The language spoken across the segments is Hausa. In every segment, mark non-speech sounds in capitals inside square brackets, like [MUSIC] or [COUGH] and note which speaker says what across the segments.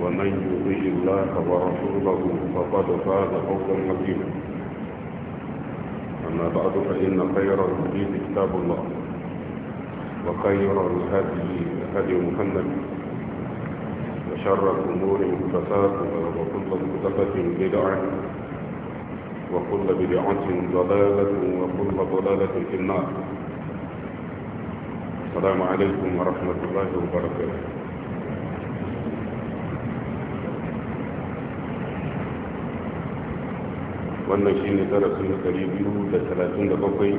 Speaker 1: ومن يطيع الله ورسوله فقد فاز فوزا عظيما أما بعد فإن خير الحديث كتاب الله وخير الهدي هدي محمد وشر الأمور محدثاتها وكل محدثة بدعة وكل بدعة ضلالة وكل ضلالة في النار السلام عليكم ورحمة الله وبركاته wannan shi ne darasin da ɗari biyu da talatin da bakwai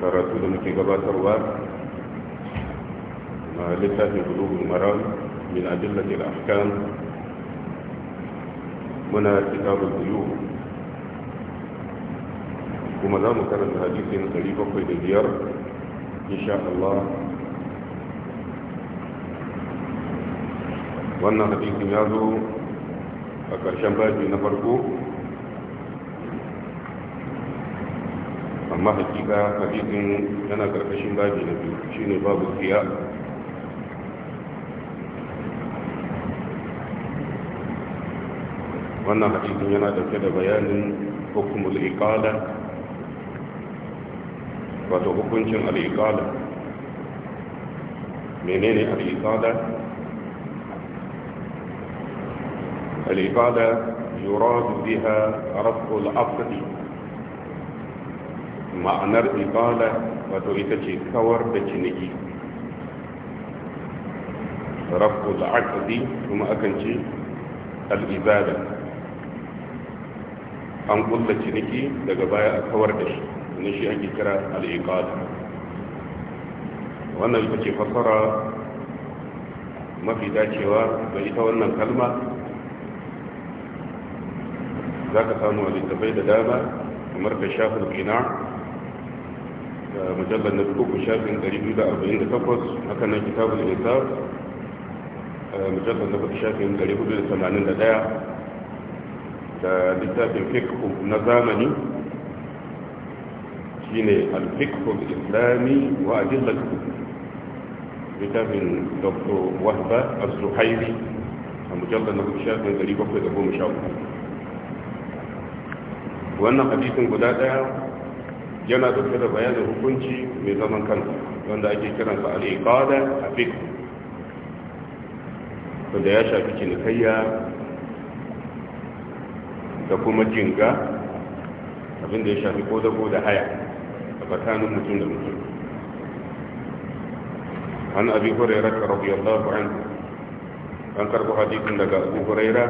Speaker 1: karatu da muke gabatarwa na littafin gudugun maram min adillatil ahkam muna kitabul buyu kuma za mu karanta hadisi na ɗari bakwai da biyar insha Allah wannan hadisin ya zo a ƙarshen babi na farko amma hakika hadisin yana ƙarƙashin babi na biyu shine babu siya wannan hadisin yana dauke da bayanin hukumul iqala wato hukuncin al-iqala menene al-iqala العبادة يراد بها رفع الأقل معنى العبادة وتويتشي كور بچنجي رفع العقل ثم أكنشي العبادة أم قل بچنجي لقبايا كور بش نشي أنجي كرا العبادة وأنا يتشي فصرا ما في ذات شوار بل يتولنا za ka samu a littafai da dama kamar da shafin ina mujallar na uku shafin 248 haka nan kitabul insaf mujallar na uku shafin 481 da littafin fiqh na zamani shine al-fiqh al-islami wa adillatuhu littafin dr wahba az-zuhairi a mujallar na uku shafin 714 wannan hadisin guda daya yana dauke da bayanin hukunci mai zaman kansa wanda ake kiran sa al-iqada a fiqh wanda ya shafi cinikayya da kuma jinga abinda ya shafi ko dago da haya a tsakanin mutum da mutum an abi hurairah radiyallahu anhu an karbo hadisin daga abu hurairah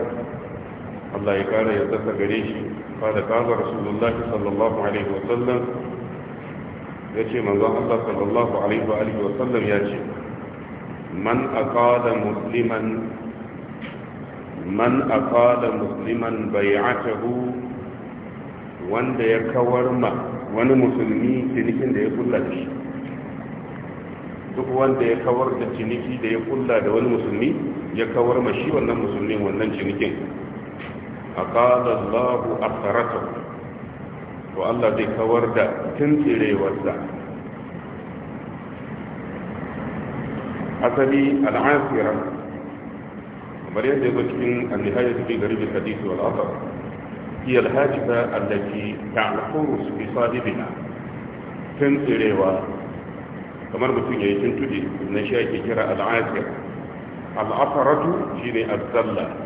Speaker 1: Allah ya kara ya tsaka gare shi قال قال رسول الله صلى الله عليه وسلم يأتي من الله صلى الله عليه وآله وسلم يأتي من أقاد مسلما من أقاد مسلما بيعته وان يكورما وان مسلمي تنكين دي كل شيء duk wanda ya kawar da ciniki da ya kulla da wani musulmi ya kawar ma shi wannan musulmin wannan cinikin أقال الله أثرته والله ذي كورد تنسيري وزع أسلي العاصرة مريم يذكر النهاية في غريب الحديث والأثر هي الهاجبة التي تعلقوس بصاحبنا تنسيري kamar mutum ya yi tuntuɗe na shi ake kira al'asir al'asaratu shi ne azzalla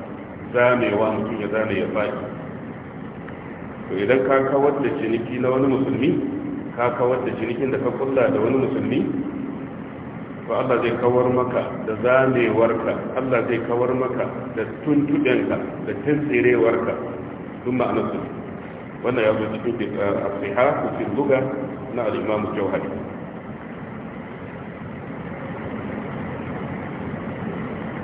Speaker 1: zamewa mutum ya zame ya faɗi to idan ka kawar da ciniki na wani musulmi ka kawar da cinikin da ka kulla da wani musulmi to Allah zai kawar maka da zamewarka Allah zai kawar maka da tuntuɗenka da tantsirewarka sun ma'ana su wannan ya zo cikin asiha ko fi buga na al'imamu jauhari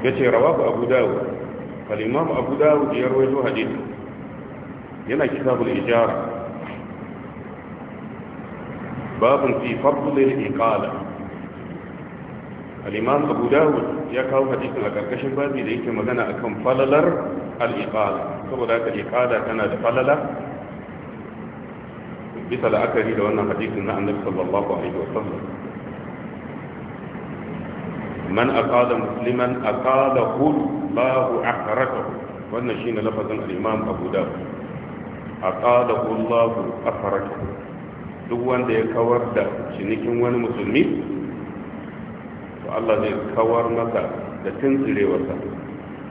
Speaker 1: ya ce rawa abu dawo فالإمام أبو داود يروي حديث هنا كتاب الإجارة باب في فضل الإقالة الإمام أبو داود يكاو حديث لكركش بابي ليك مغنى أكم فللر الإقالة سبو ذاك الإقالة كان فللة bisa la'akari da wannan hadisin na annabi sallallahu alaihi wasallam man aqada musliman aqada Allahu ahratahu wannan shine lafazin al-Imam Abu Dawud aqada Allahu ahratahu duk wanda ya kawar da cinikin wani musulmi to Allah zai kawar masa da tuntsirewarsa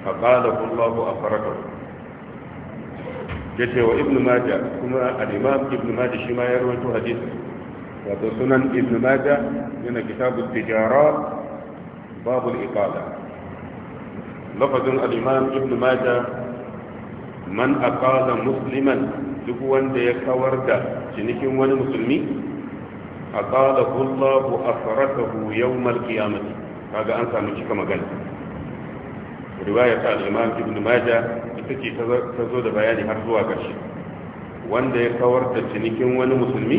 Speaker 1: aqada Allahu ahratahu yace wa Ibn majah kuma al-Imam ibnu majah shi ma ya rawaito hadisi wato sunan Ibn majah yana kitabu tijarat babul iqada lafazin al-imam ibn majah man aqada musliman duk wanda ya kawar da cinikin wani musulmi aqalahu Allah asratahu yawm al-qiyamah kaga an samu cika magana riwaya ta al-imam ibn majah ita ce ta zo da bayani har zuwa ƙarshe wanda ya kawar da cinikin wani musulmi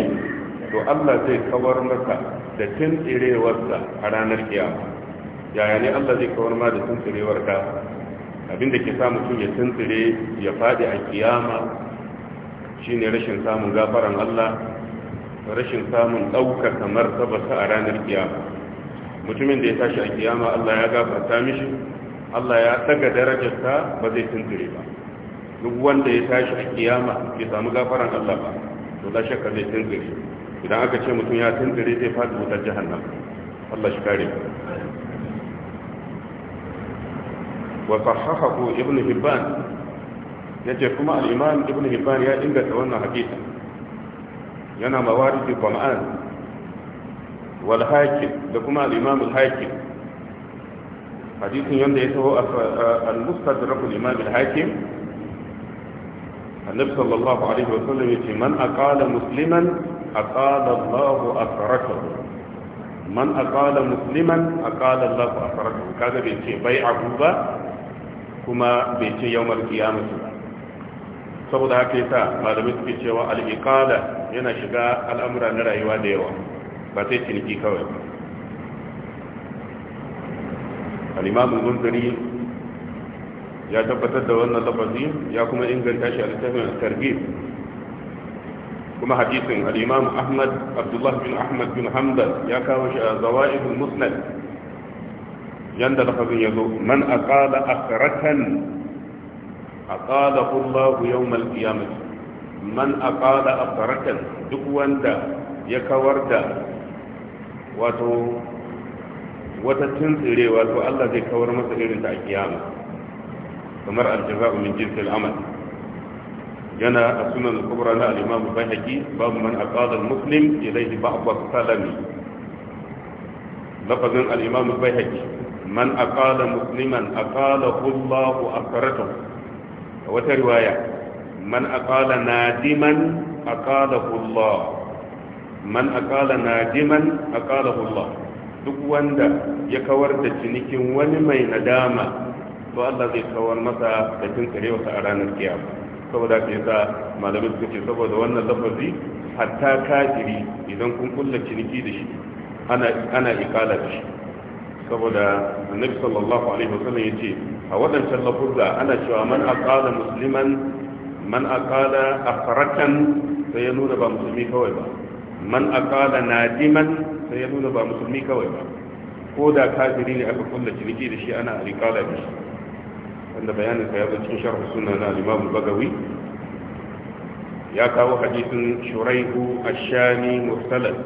Speaker 1: to Allah zai kawar masa da tuntsirewarsa a ranar kiyama yaya ne Allah zai kawar ma da tuntsirewar ka abinda ke sa mutum ya tuntsire ya faɗi a kiyama shine rashin samun gafaran Allah rashin samun ɗauka kamar tabbata a ranar kiyama mutumin da ya tashi a kiyama Allah ya gafarta mishi Allah ya daga darajarsa ba zai tuntsire ba duk wanda ya tashi a kiyama ya samu gafaran Allah ba to da shakka zai tuntsire idan aka ce mutum ya tuntsire zai faɗi wutar jahannama Allah shi kare wa sahahahu ibn hibban yace kuma al-imam ibn hibban ya inganta wannan hadisi yana mawaridi qur'an wal hakim da kuma al-imam al-hakim hadisin yanda ya taho al-mustadrak al-imam al-hakim النبي صلى الله عليه وسلم يقول من أقال مسلما أقال الله أسرته من أقال مسلما أقال الله أسرته كذا بيقول بيعه با kuma bai ce yau markiyamatu saboda haka yasa malamai suke cewa al'iƙala yana shiga al'amura na rayuwa da yawa ba sai ciniki kawai al'imamun gunzari ya tabbatar da wannan lafazi ya kuma inganta shi a littafin targib kuma hadisin al'imamu ahmad abdullah bin ahmad bin hamdan ya kawo shi a zawa'idul musnad yanda lafazin ya zo man a a aqala akratan aqalahu Allah yawmal qiyamah man a a akratan duk wanda ya kawar da wato wata tuntsirewa to Allah zai kawar masa irin ta a kiyama kamar aljaza'u min jinsil amal yana a sunan kubra na al-imam bayhaqi babu man aqada al-muslim ilayhi ba'd salami lafazin al-imam bayhaqi man aqala musliman aqalahu Allah akratahu wata riwaya man aqala nadiman aqalahu Allah man aqala nadiman aqalahu Allah duk wanda ya kawar da cinikin wani mai nadama to Allah zai kawar masa da kinkare wata a ranar kiyama saboda ke sa malamai suka saboda wannan lafazi hatta kafiri idan kun kulla ciniki da shi ana ikala da shi saboda annabi sallallahu alaihi wasallam yace a wadancan lafuzza ana cewa man aqala musliman man aqala akhratan sai ya nuna ba musulmi kawai ba man aqala nadiman sai ya nuna ba musulmi kawai ba ko da kafiri ne aka kulla ciniki da shi ana riqala da shi wanda bayanin sa ya zo cikin sharh sunna na al-imam bagawi ya kawo hadisin shuraihu ash-shami mursalan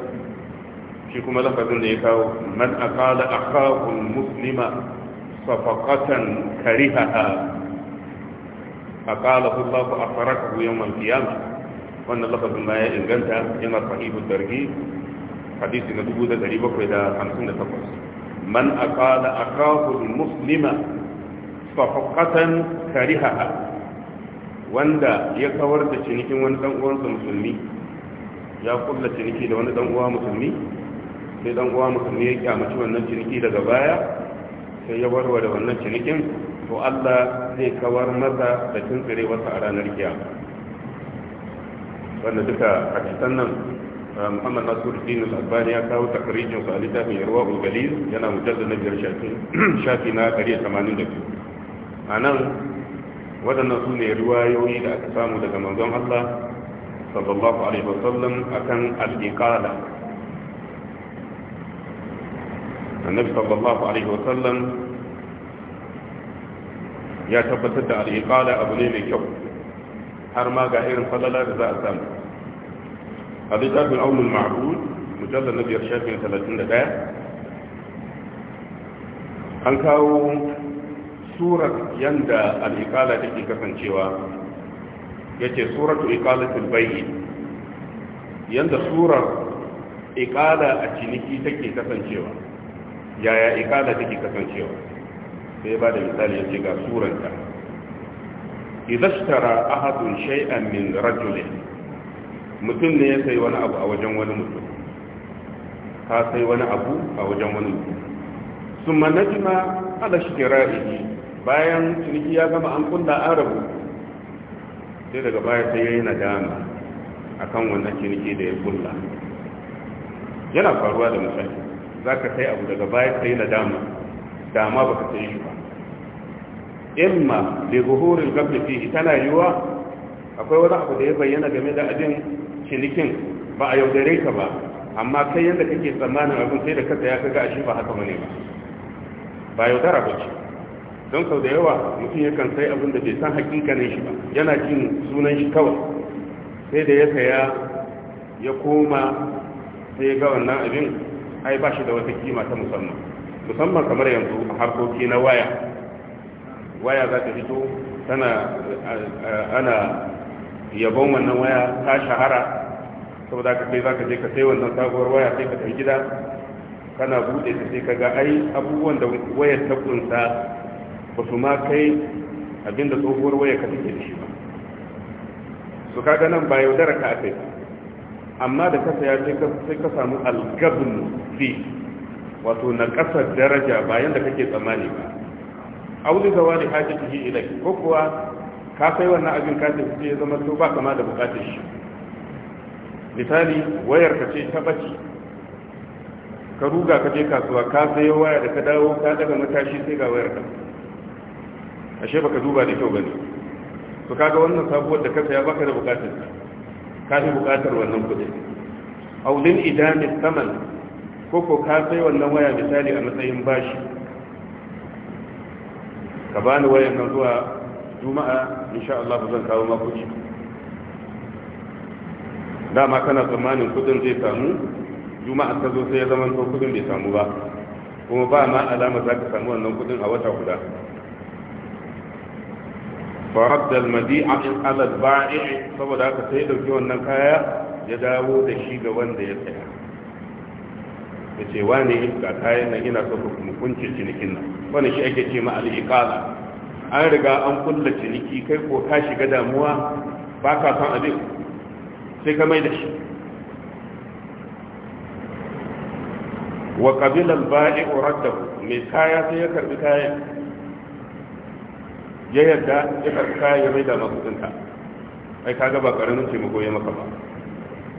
Speaker 1: shi kuma lafazin da ya kawo man aqala akahu muslima safaqatan karihaha aqala Allahu asrakahu yawm al kiyama. wannan lafazin ma ya inganta yana sahihu dargi hadisi na 1758 man aqala akahu muslima safaqatan karihaha wanda ya kawar da cinikin wani dan uwansa musulmi ya kulla ciniki da wani dan uwa musulmi sai dan uwa musulmi ya kyamaci wannan ciniki daga baya sai ya warware wannan cinikin to Allah zai kawar maza da tsire wasa a ranar kiyama wanda duka cikin nan uh, Muhammad Nasiruddin Al-Albani ya kawo takarijin sa littafin Yarwa Ulgaliz yana mujallal na biyar shafi [CLEARS THROAT] na A nan, waɗannan su ne riwayoyi da aka samu daga manzon Allah sallallahu alaihi wasallam akan al-iqala annabi sallallahu alaihi wasallam ya tabbatar da al'iƙala abu ne mai kyau har ma ga irin falala da za a samu a littafin aunin ma'abud mujallar na biyar shafin talatin da ɗaya an kawo surar yadda al'iƙala take kasancewa ya ce suratu iƙalatul bayi yadda surar iƙala a ciniki take kasancewa yaya ikada take kasancewa sai ba da misali ya ce ga suranta idashtara ahadun shay'an min rajuli mutum ne ya sai wani abu a wajen wani mutum ka sai wani abu a wajen wani mutum summa najma ala shira'ihi bayan ciniki ya gama an kulla arabu sai daga baya sai yayi nadama akan wannan ciniki da ya kulla yana faruwa da misali za ka sai abu daga baya sai na dama dama ba ka sai shi ba imma da guhurin gabda fi tana yiwuwa akwai wani abu da ya bayyana game da abin cinikin ba a yaudare ka ba amma kai yadda kake tsammanin abin sai da ka saya ka ga ashe ba haka bane ba ba yaudara ba ce don sau da yawa mutum yakan sai abin da bai san hakikanin shi ba yana jin sunan shi kawai sai da ya saya ya koma sai ga wannan abin ai ba shi da wata kima ta musamman musamman kamar yanzu a harkoki na waya waya za ta fito tana ana yabon wannan waya ta shahara saboda ka kai za ka je ka sai wannan sabuwar waya sai ka tafi gida kana bude ta sai ka ga ai abubuwan da wayar ta kunsa ba su ma kai abinda tsohuwar waya ka take da shi ba su kaga nan ba yaudara ka akai amma da ya saya sai ka samu algabin fi wato na ƙasa daraja bayan da kake tsammani ba auli zawa ne haji yi ilai ko kuwa ka sai wannan abin ka tafi ya zama to ba kama da bukatar shi misali wayar ka ce ta baci ka ruga ka je kasuwa ka sayo waya da ka dawo ka daga matashi sai ga wayar ka ashe baka duba da kyau gani to kaga wannan sabuwar da ka saya baka da bukatar ka fi buƙatar wannan kuɗi aulin idanin saman ko ko ka sai wannan waya misali a matsayin bashi ka bani wayan nan zuwa juma'a insha Allah zan kawo ma kuɗi dama kana tsammanin kuɗin zai samu juma'a ta zo sai ya zama kuɗin bai samu ba kuma ba ma alama za ka samu wannan kuɗin a wata guda فرد المبيع على البائع saboda haka sai wannan kaya ya dawo da shi ga wanda ya saya yace wane ga kayan nan ina so ku kunce cinikin nan wannan shi ake ce ma al-iqala an riga an kulla ciniki kai ko ka shiga damuwa ba ka san abin sai ka mai da shi wa qabila al-ba'i'u raddahu mai kaya sai ya karbi kayan ya yarda ya karka ya mai da masu ɗinka ai ka gaba ƙaramin taimako ya maka ba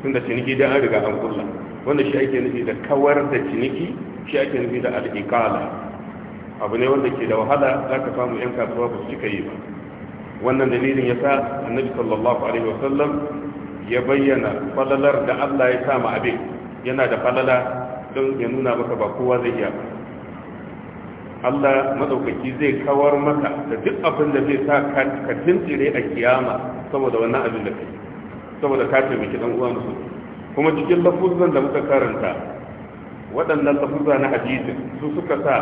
Speaker 1: tun da ciniki don an riga an kulla wanda shi ake nufi da kawar da ciniki shi ake nufi da al'iƙala abu ne wanda ke da wahala za ka samu 'yan kasuwa ba su cika yi ba wannan dalilin ya sa annabi sallallahu alaihi wasallam ya bayyana falalar da allah ya sa ma abin yana da falala don ya nuna maka ba kowa zai iya ba Allah madaukaki zai kawar maka da duk abin da zai sa ka tuntsire a kiyama saboda wannan abin da kai saboda ka taimaki dan uwan su kuma cikin lafuzan da muka karanta waɗannan lafuzan na hadisi su suka sa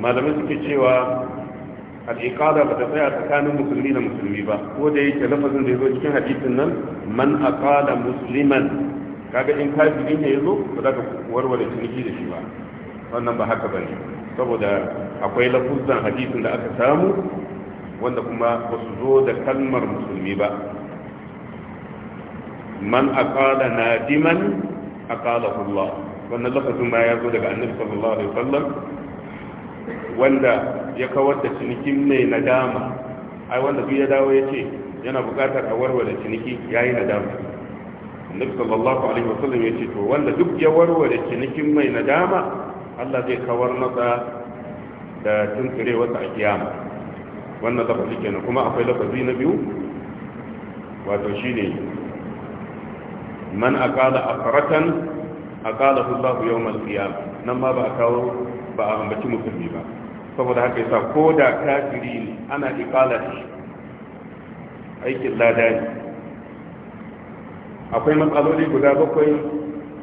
Speaker 1: malamai suke cewa al-iqada ba ta tsaya tsakanin musulmi da musulmi ba ko da yake lafazin da yazo cikin hadisin nan man aqala musliman kaga in kafirin ya yazo ba za ka warware ciniki da shi ba wannan ba haka bane saboda akwai lafuzan hadisin da aka samu wanda kuma ba su zo da kalmar musulmi ba man aqala nadiman aqalahu Allah wannan lafazin ma ya zo daga annabi sallallahu alaihi wasallam wanda ya kawar da cinikin mai nadama ai wanda duk ya dawo ya ce yana buƙatar a warware ciniki yayi nadama annabi sallallahu alaihi wasallam ya ce to wanda duk ya warware cinikin mai nadama Allah zai kawar masa da tunkire wata a kiyama wannan lafazi kenan kuma akwai lafazi na biyu wato shine man aqala aqratan aqalahu Allah yawm al-qiyamah nan ma ba a kawo ba a ambaci musulmi ba saboda haka yasa ko da kafiri ne ana iqala shi aikin lada ne akwai matsaloli guda bakwai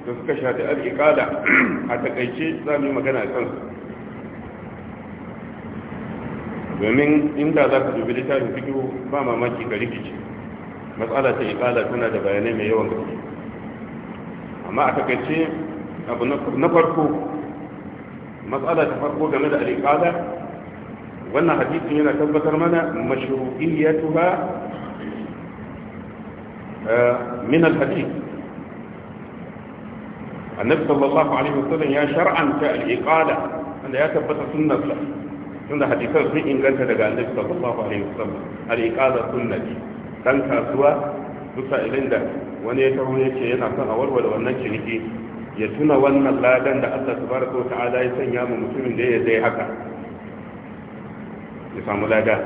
Speaker 1: da suka shafi al'iƙada a takaice za mu yi magana kansu domin inda za ka dubi littafin fito ba mamaki ga rikici matsala ta iƙada tana da bayanai mai yawan gaske amma a takaice abu na farko matsala ta farko game da al'iƙada wannan hadisin yana tabbatar mana mashru'iyyatuha eh, min al-hadith annabi sallallahu alaihi wasallam ya shar'anta al-iqada wanda ya tabbata sunnarsa tunda hadisan sun inganta daga annabi sallallahu alaihi wasallam al-iqada sunnati dan kasuwa duk sa'ilin da wani ya taho ya ce yana son a warware wannan ciniki ya tuna wannan ladan da Allah tabaraka wa ta'ala ya sanya mu mutumin da ya dai haka ya samu lada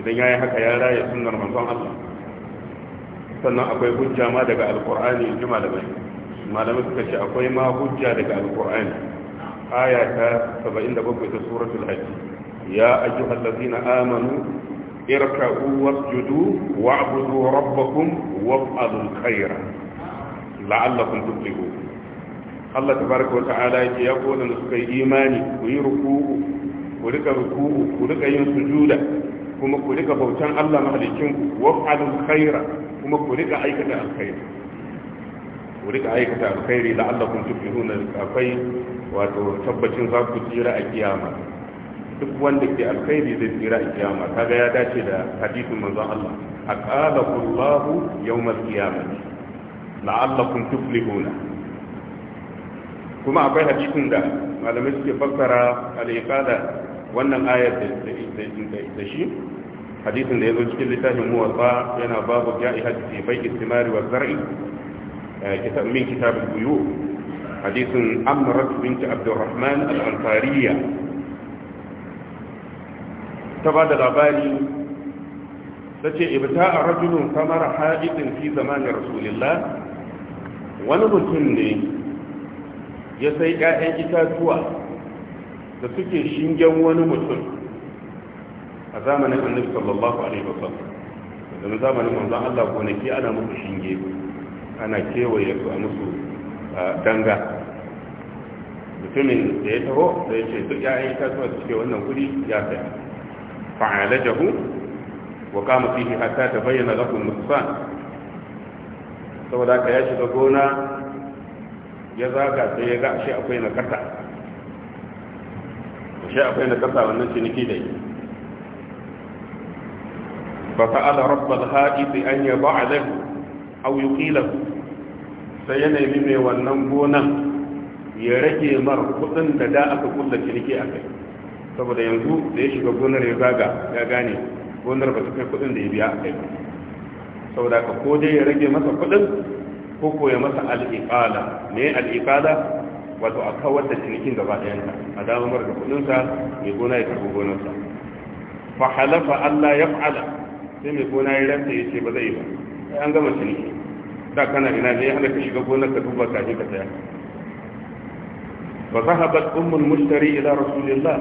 Speaker 1: idan ya yi haka ya raya sunnar manzon Allah sannan akwai hujja ma daga alqur'ani in da malamai malamai suka ce akwai ma hujja daga alkur'ani aya ta 77 ta suratul hajj ya ayyuhal ladzina amanu irka'u wasjudu wa'budu rabbakum wa'malul khaira la'allakum tuflihun Allah tabaraka wa ta'ala yake ya koda da suka yi imani ku yi ruku'u ku rika ruku'u ku rika yin sujuda kuma ku rika bautan Allah mahalicin ku wa'malul khaira kuma ku rika aikata alkhairi ku rika aikata alkhairi la'allakum tuflihuna akwai wato tabbacin za ku tsira a kiyama duk wanda ke alkhairi zai tsira a kiyama kaga ya dace da hadisin manzon Allah aqalaku Allah yawmal Allah la'allakum tuflihuna kuma akwai hadisin da malamai suke fassara al-iqada wannan ayar da shi hadisin da ya zo cikin littafin muwatta yana babu ja'i hadisi bai istimari wa zar'i من كتاب البيوع حديث أمرت بنت عبد الرحمن الأنصارية تبادل الأباني تجي ابتاء رجل ثمر حائط في زمان رسول الله ونبتني يسيء أن إتاتوا تسكي شنجا ونبتن أزامنا النبي صلى الله عليه وسلم da zamanin manzon Allah gonaki ana muku shinge ana kewaye su a musu danga mutumin da ya taho da ya ce su duk ta itatuwa su ke wannan guri ya sai fa'ala jahu wa kama fihi hatta ta bayyana lakum nuqsan saboda ka ya shiga gona ya zaga sai ya ga shi akwai da shi akwai na karta wannan ciniki da yi fa sa'ala rabbal sai an a lahu aw yuqila sai ya nemi mai wannan gonan ya rage mar kudin da da aka kulla ciniki a kai saboda yanzu da ya shiga gonar ya zaga ya gane gonar ba su kai kudin da ya biya a kai saboda ka ko dai ya rage masa kudin ko ko ya masa al'iqala ne al'iqala wato a kawar da cinikin gaba ɗayanta a mara da kudinsa mai gona ya karɓi gonarsa fa halafa Allah ya fa'ala sai mai gona ya ranta ya ce ba zai yi ba an gama ciniki da kana ina ne hana ka shiga gonar ka duba kaje ka saya fa zahabat ummul mushtari ila rasulillah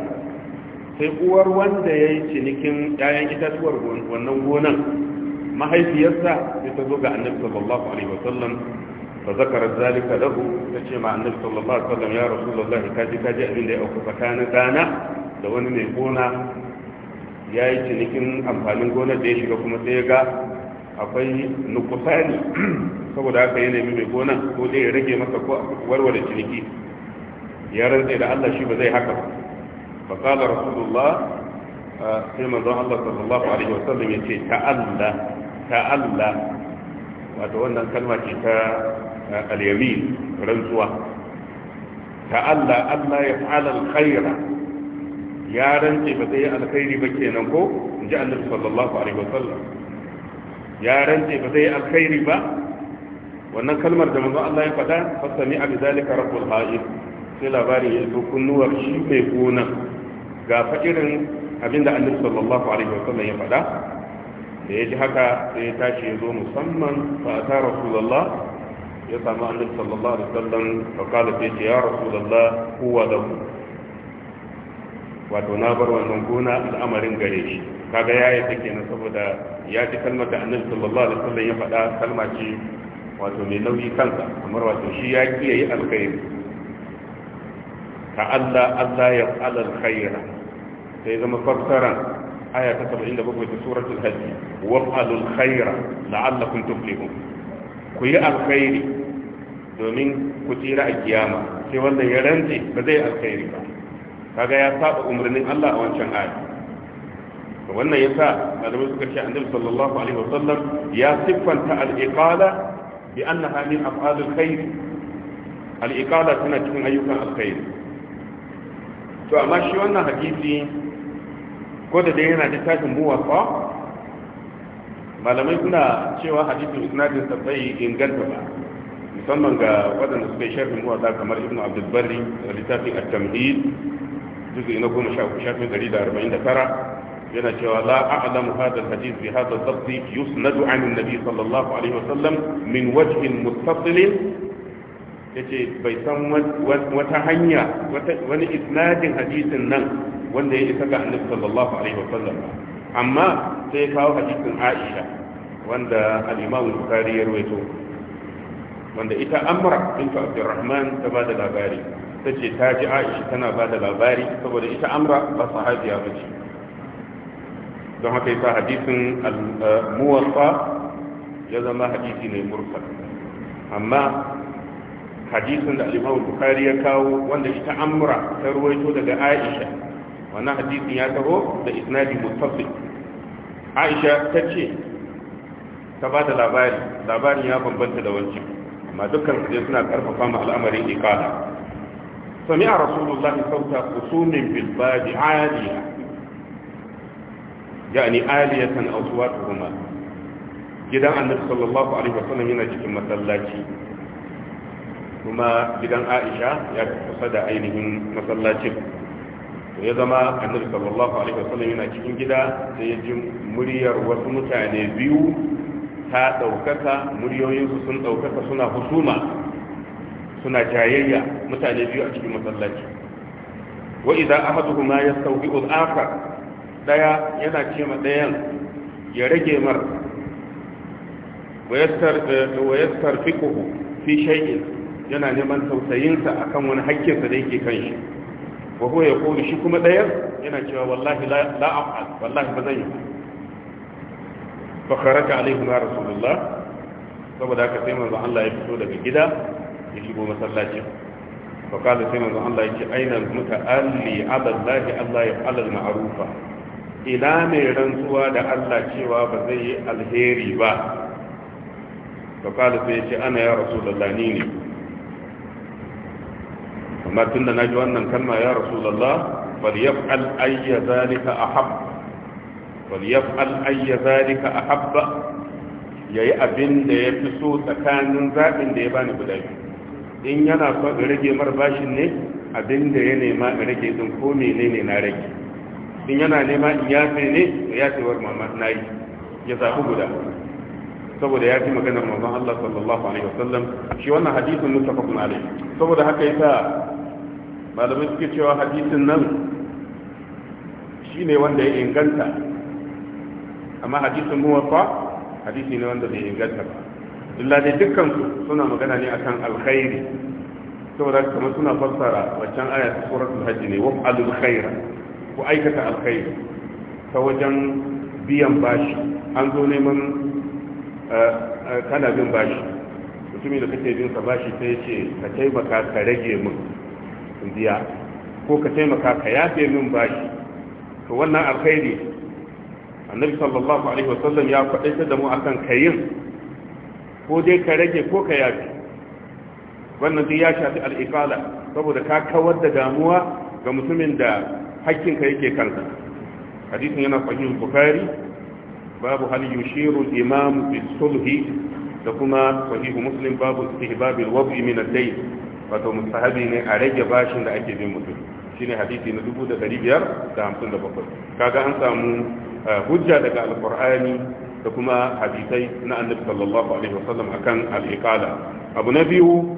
Speaker 1: sai uwar wanda yayi cinikin ƴaƴan itatuwar wannan gonan mahaifiyarsa sai ta zo ga annabi sallallahu alaihi wasallam fa zakara zalika lahu ce ma annabi sallallahu alaihi wasallam ya rasulullah kaji kaji abin da ya auku tsakanin dana da wani mai gona ya yi cinikin amfanin gonar da ya shiga kuma sai ya ga akwai nukusani [CLEARS THROAT] saboda haka ya nemi mai gonan ko dai ya rage masa ko warware ciniki ya rantsa da Allah shi ba zai haka ba fa qala rasulullah sai manzon Allah sallallahu alaihi wasallam yace ta Allah wato wannan kalma ce ta al-yamin rantsuwa ta Allah Allah ya fa'ala al-khaira ya rantsa ba zai alkhairi ba kenan ko inji Allah sallallahu alaihi wasallam ya rantse ba zai alkhairi ba wannan kalmar da manzo Allah ya faɗa fasami a bizalika rabbul ha'id sai labarin ya zo kunnuwar shi mai gona ga fa irin abinda annabi sallallahu alaihi wasallam ya faɗa da ya ji haka sai ya tashi ya zo musamman fa ta rasulullah ya samu annabi sallallahu alaihi wasallam fa kala sai ce ya rasulullah huwa da mu wato na bar wannan gona al'amarin gare shi kaga yayi take na saboda ya ji kalmar da annabi sallallahu alaihi wasallam ya faɗa kalma ce wato mai nauyi kansa kamar wato shi ya kiyaye yi alkhairi ka Allah Allah ya fa'ala alkhaira sai zama fassaran aya ta 77 ta suratul hajj wa'alu alkhaira la'allakum tuflihun ku yi alkhairi domin ku tsira a kiyama sai wanda ya rantse ba zai alkhairi ba kaga ya saba umarnin Allah a wancan aya da wannan yasa malamai suka ce annabi sallallahu alaihi wasallam ya siffanta al-iqala bi annaha min af'al al-khair al-iqala tana cikin ayyukan al to amma shi wannan hadisi ko da dai yana littafin muwafa malamai suna cewa hadisin isnadin sa bai inganta ba musamman ga waɗanda suka yi sharhin muwafa kamar ibnu abdul barri da littafin at-tamhid juz'i na 10 shafin 149 yana cewa la a'lamu hadha al-hadith bi hadha al-dhabt yusnadu 'an an-nabi sallallahu alaihi wasallam min wajhin muttasil yace bai san wata hanya wani isnadin hadisin nan wanda ya isa ga annabi sallallahu alaihi wa sallam amma sai kawo hadisin Aisha wanda al-Imam Bukhari ya rawaito wanda ita Amra bint Abdurrahman ta bada labari tace ta ji Aisha tana bada labari saboda ita Amra ba sahabiya bace don haka yasa hadisin muwaffa ya zama hadisi ne mursal amma hadisin da al-Imam Bukhari ya kawo wanda ita Amra ta ruwaito daga Aisha wannan hadisin ya taho da isnadi muttasil Aisha ta ce ta ba da labari labarin ya bambanta da wancan amma dukkan su suna karfafa mu al'amarin iqala sami'a rasulullahi sauta qusumin bil badi aliya yani aliyatan aw suwatuhuma gidan annabi sallallahu alaihi wasallam yana cikin masallaci kuma gidan Aisha ya kusa da ainihin masallacin to ya zama annabi sallallahu alaihi wasallam yana cikin gida sai ya ji muryar wasu mutane biyu ta ɗaukaka muryoyinsu sun ɗaukaka suna husuma suna jayayya mutane biyu a cikin masallaci wa idza ahaduhuma yastawdi'u al-akhar daya yana ce ma dayan ya rage mar wa yassar eh, fiqhu fi shay'in yana neman tausayinsa akan wani hakkinsa da yake kan shi wa ya kori shi kuma dayan yana cewa wallahi la wallahi ba zan yi fa kharaja alaihi rasulullah saboda haka sai manzo Allah ya fito daga gida ya shigo masallacin. fa kala sai manzo Allah ya ce aina muta'alli ala Allah Allah ya fa'al marufa ina mai rantsuwa da Allah cewa ba zai yi alheri ba ba kala sai ce ana ya rasu da lani ne amma tun da na ji wannan kalma ya rasu da Allah faliyaf al'ayya zalika a hab faliyaf zalika habba ya yi abin da ya fi so tsakanin zaɓin da ya bani guda biyu in yana son rage marbashin ne abin da ya nema rage din ko menene na rage in yana nema in yafe ne da yafewar mama na yi ya zaɓi guda saboda ya fi maganar manzon Allah sallallahu alaihi wasallam shi wannan hadisin muttafaqun alai saboda haka yasa malamai suke cewa hadisin nan shine wanda ya inganta amma hadisin muwafa hadisi ne wanda bai inganta ba illa dai dukkan su suna magana ne akan alkhairi saboda kamar suna fassara waccan aya ta suratul hajj ne wa alul khaira ku aikata alkhairi ta wajen biyan bashi an zo neman eh, eh, kana bin bashi mutumi da kake bin ka bashi sai ce ka taimaka ka rage min biya ko ka taimaka ka yafe min bashi to wannan alkhairi annabi sallallahu alaihi wasallam ya faɗaita da mu akan kayin ko dai ka rage ko ka yafe wannan duk ya shafi al'iqala saboda ka kawar da damuwa ga mutumin da hakkinka yake kanka hadisin yana sahih bukhari babu hal yushiru imam bi sulhi da kuma sahih muslim babu istihbab al wad'i min ad-dayn wato mustahabi ne a rage bashin da ake bin mutum shine hadisi na 1557 kaga an samu eh, hujja daga alqur'ani da kuma hadisai na annabi sallallahu alaihi wasallam akan al-iqala abu na biyu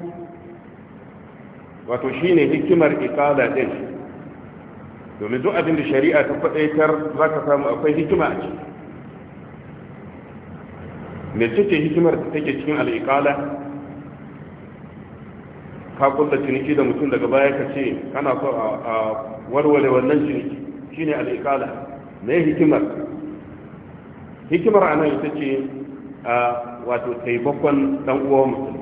Speaker 1: wato shine hikimar iqala din domin duk abin da shari'a ta faɗaitar za ka samu akwai hikima a ciki mai cike hikimar da take cikin al'iƙala ka kulla ciniki da mutum daga baya ka ce kana so a warware wannan ciniki ne al'iƙala me hikimar hikimar ana ita ce a wato taimakon ɗan uwa mutum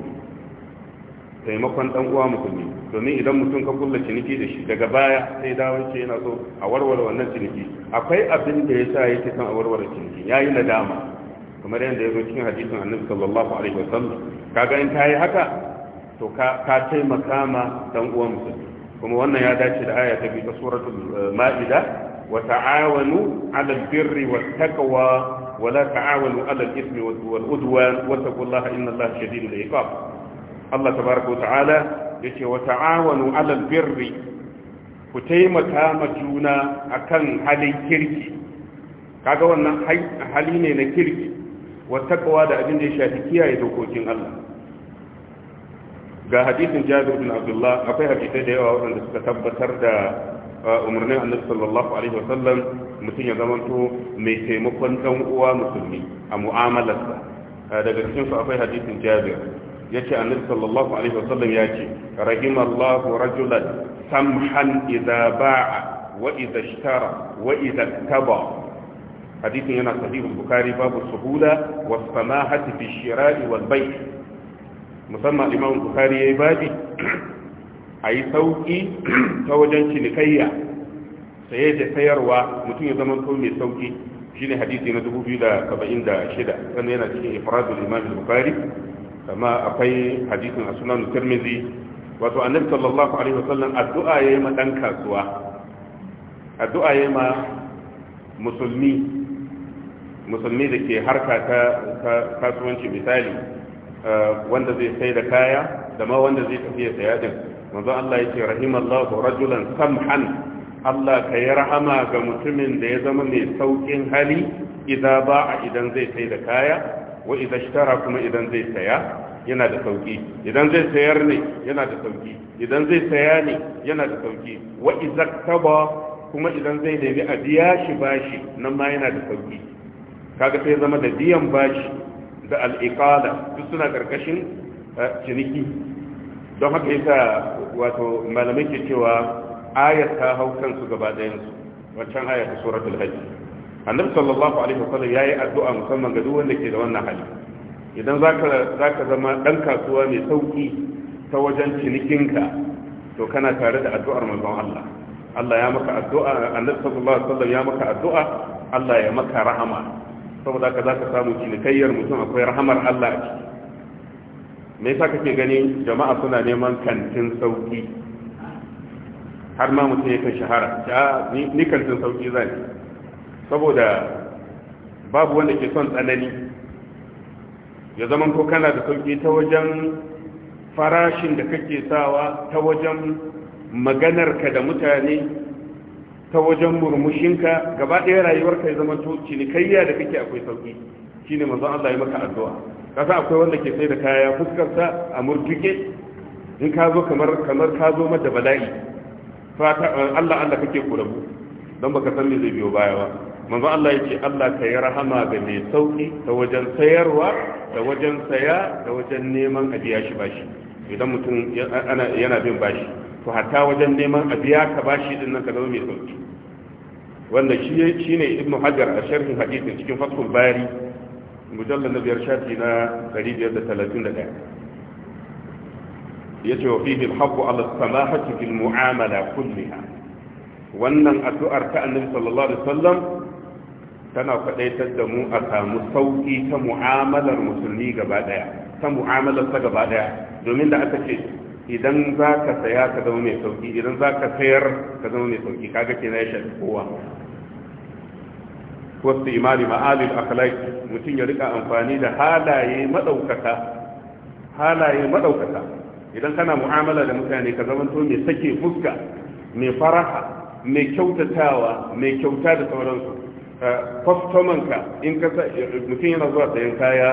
Speaker 1: taimakon dan uwa musulmi domin idan mutum ka kulla ciniki da shi daga baya sai dawo ce yana so a warware wannan ciniki akwai abin da ya sa yake son a warware ciniki yayi nadama kamar yadda ya zo cikin hadisin annabi sallallahu alaihi wasallam kaga in yi haka to ka ka taimaka ma dan uwa kuma wannan ya dace da aya ta bi ta suratul eh, ma'ida wa ta'awanu 'alal birri wat taqwa wa la ta'awanu 'alal ithmi wal udwan wa taqullaha innallaha shadidul iqab Allah tabaraka ta'ala yace wa ta'awanu 'alal birri ku taimaka ma juna akan halin kirki kaga wannan hali ne na kirki wata taqwa da abin da ya shafi kiyaye dokokin Allah ga hadisin Jabir bin Abdullah akwai hadisai da yawa wanda suka tabbatar da uh, umarnin Annabi sallallahu alaihi sallam mutum ya zamanto mai taimakon dan uwa musulmi a mu'amalarsa uh, daga cikin su akwai hadisin Jabir yace annabi sallallahu alaihi wasallam ya ce rahimallahu rajulan samhan idza ba'a wa idza ishtara wa idza taba hadithin yana sahih bukhari babu suhula was samahati fi shira'i wal bay' musamman imam bukhari yayi babi ayi sauki ta wajen cinikayya saye da sayarwa mutum ya zama to mai sauki shine hadisi na 2076 sannan yana cikin ifradul imam bukhari kama akwai hadisin a sunan tirmidhi wato annabi sallallahu alaihi wasallam addu'a yayi ma dan kasuwa addu'a yayi ma musulmi musulmi da ke harka ta kasuwanci misali eh, wanda zai sai da kaya da ma wanda zai tafiya saya din manzo Allah ya ce rahimallahu rajulan samhan Allah ka yi rahama ga mutumin da ya zama mai saukin hali idan ba a idan zai sai da kaya wa idza ishtara kuma idan zai saya yana da sauki idan zai sayar ne yana da sauki idan zai saya ne yana da sauki wa idza taba kuma idan zai nemi a biya shi bashi nan ma yana da sauki kaga sai zama da biyan bashi da al'iqala duk suna karkashin eh, ciniki don haka yasa wato malamai ke cewa ayat ta hau kansu gaba ɗayan su wancan ayat suratul hajj annabi sallallahu alaihi wasallam yayi addu'a musamman ga duk wanda ke da wannan hali idan zaka zaka zama dan kasuwa mai sauki ta wajen cinikinka to kana tare da addu'ar manzon Allah Allah ya maka addu'a annabi sallallahu alaihi wasallam ya maka addu'a Allah ya maka rahama saboda haka zaka samu cinikayyar mutum akwai rahamar Allah a ciki me yasa kake gani jama'a suna neman kantin sauki har ma mutum yakan shahara ni kantin sauki zai saboda babu wanda ke son tsanani ya zama ko kana da sauki ta wajen farashin da kake sawa ta wajen maganarka da mutane ta wajen murmushinka gaba ɗaya rayuwarka ya zama to cinikayya da kake akwai sauki shine manzon Allah ya maka addu'a kasa akwai wanda ke sai da kaya fuskarsa a murtuke in ka zo kamar kamar ka zo mata bala'i fata Allah Allah kake kurabu rabu don baka san me zai biyo baya ba manzo Allah yake Allah ka yi rahama ga mai sauki ta wajen sayarwa da wajen saya da wajen neman a biya shi bashi idan mutum yana bin bashi to hatta wajen neman a biya ka bashi din nan ka zama mai sauki wanda shi shine ibnu hajar a sharhin hadisin cikin fathul bari mujallal na biyar shafi na 531 yace wa fihi alhaqqu ala samahati fil mu'amala kullaha wannan addu'ar ta annabi sallallahu alaihi wasallam tana kwadaitar da mu a samu sauki ta mu'amalar musulmi gaba daya ta mu'amalar ta gaba daya domin da aka ce idan za ka saya ka zama mai sauki idan za ka sayar ka zama mai sauki kaga ke na ya shafi kowa wasu imani ma'alil akhlaq mutum ya rika amfani da halaye madaukaka halaye madaukaka idan kana mu'amala da mutane ka zama to mai sake fuska mai faraha mai kyautatawa mai kyauta da sauransu kwastomanka in ka mutum yana zuwa sayan kaya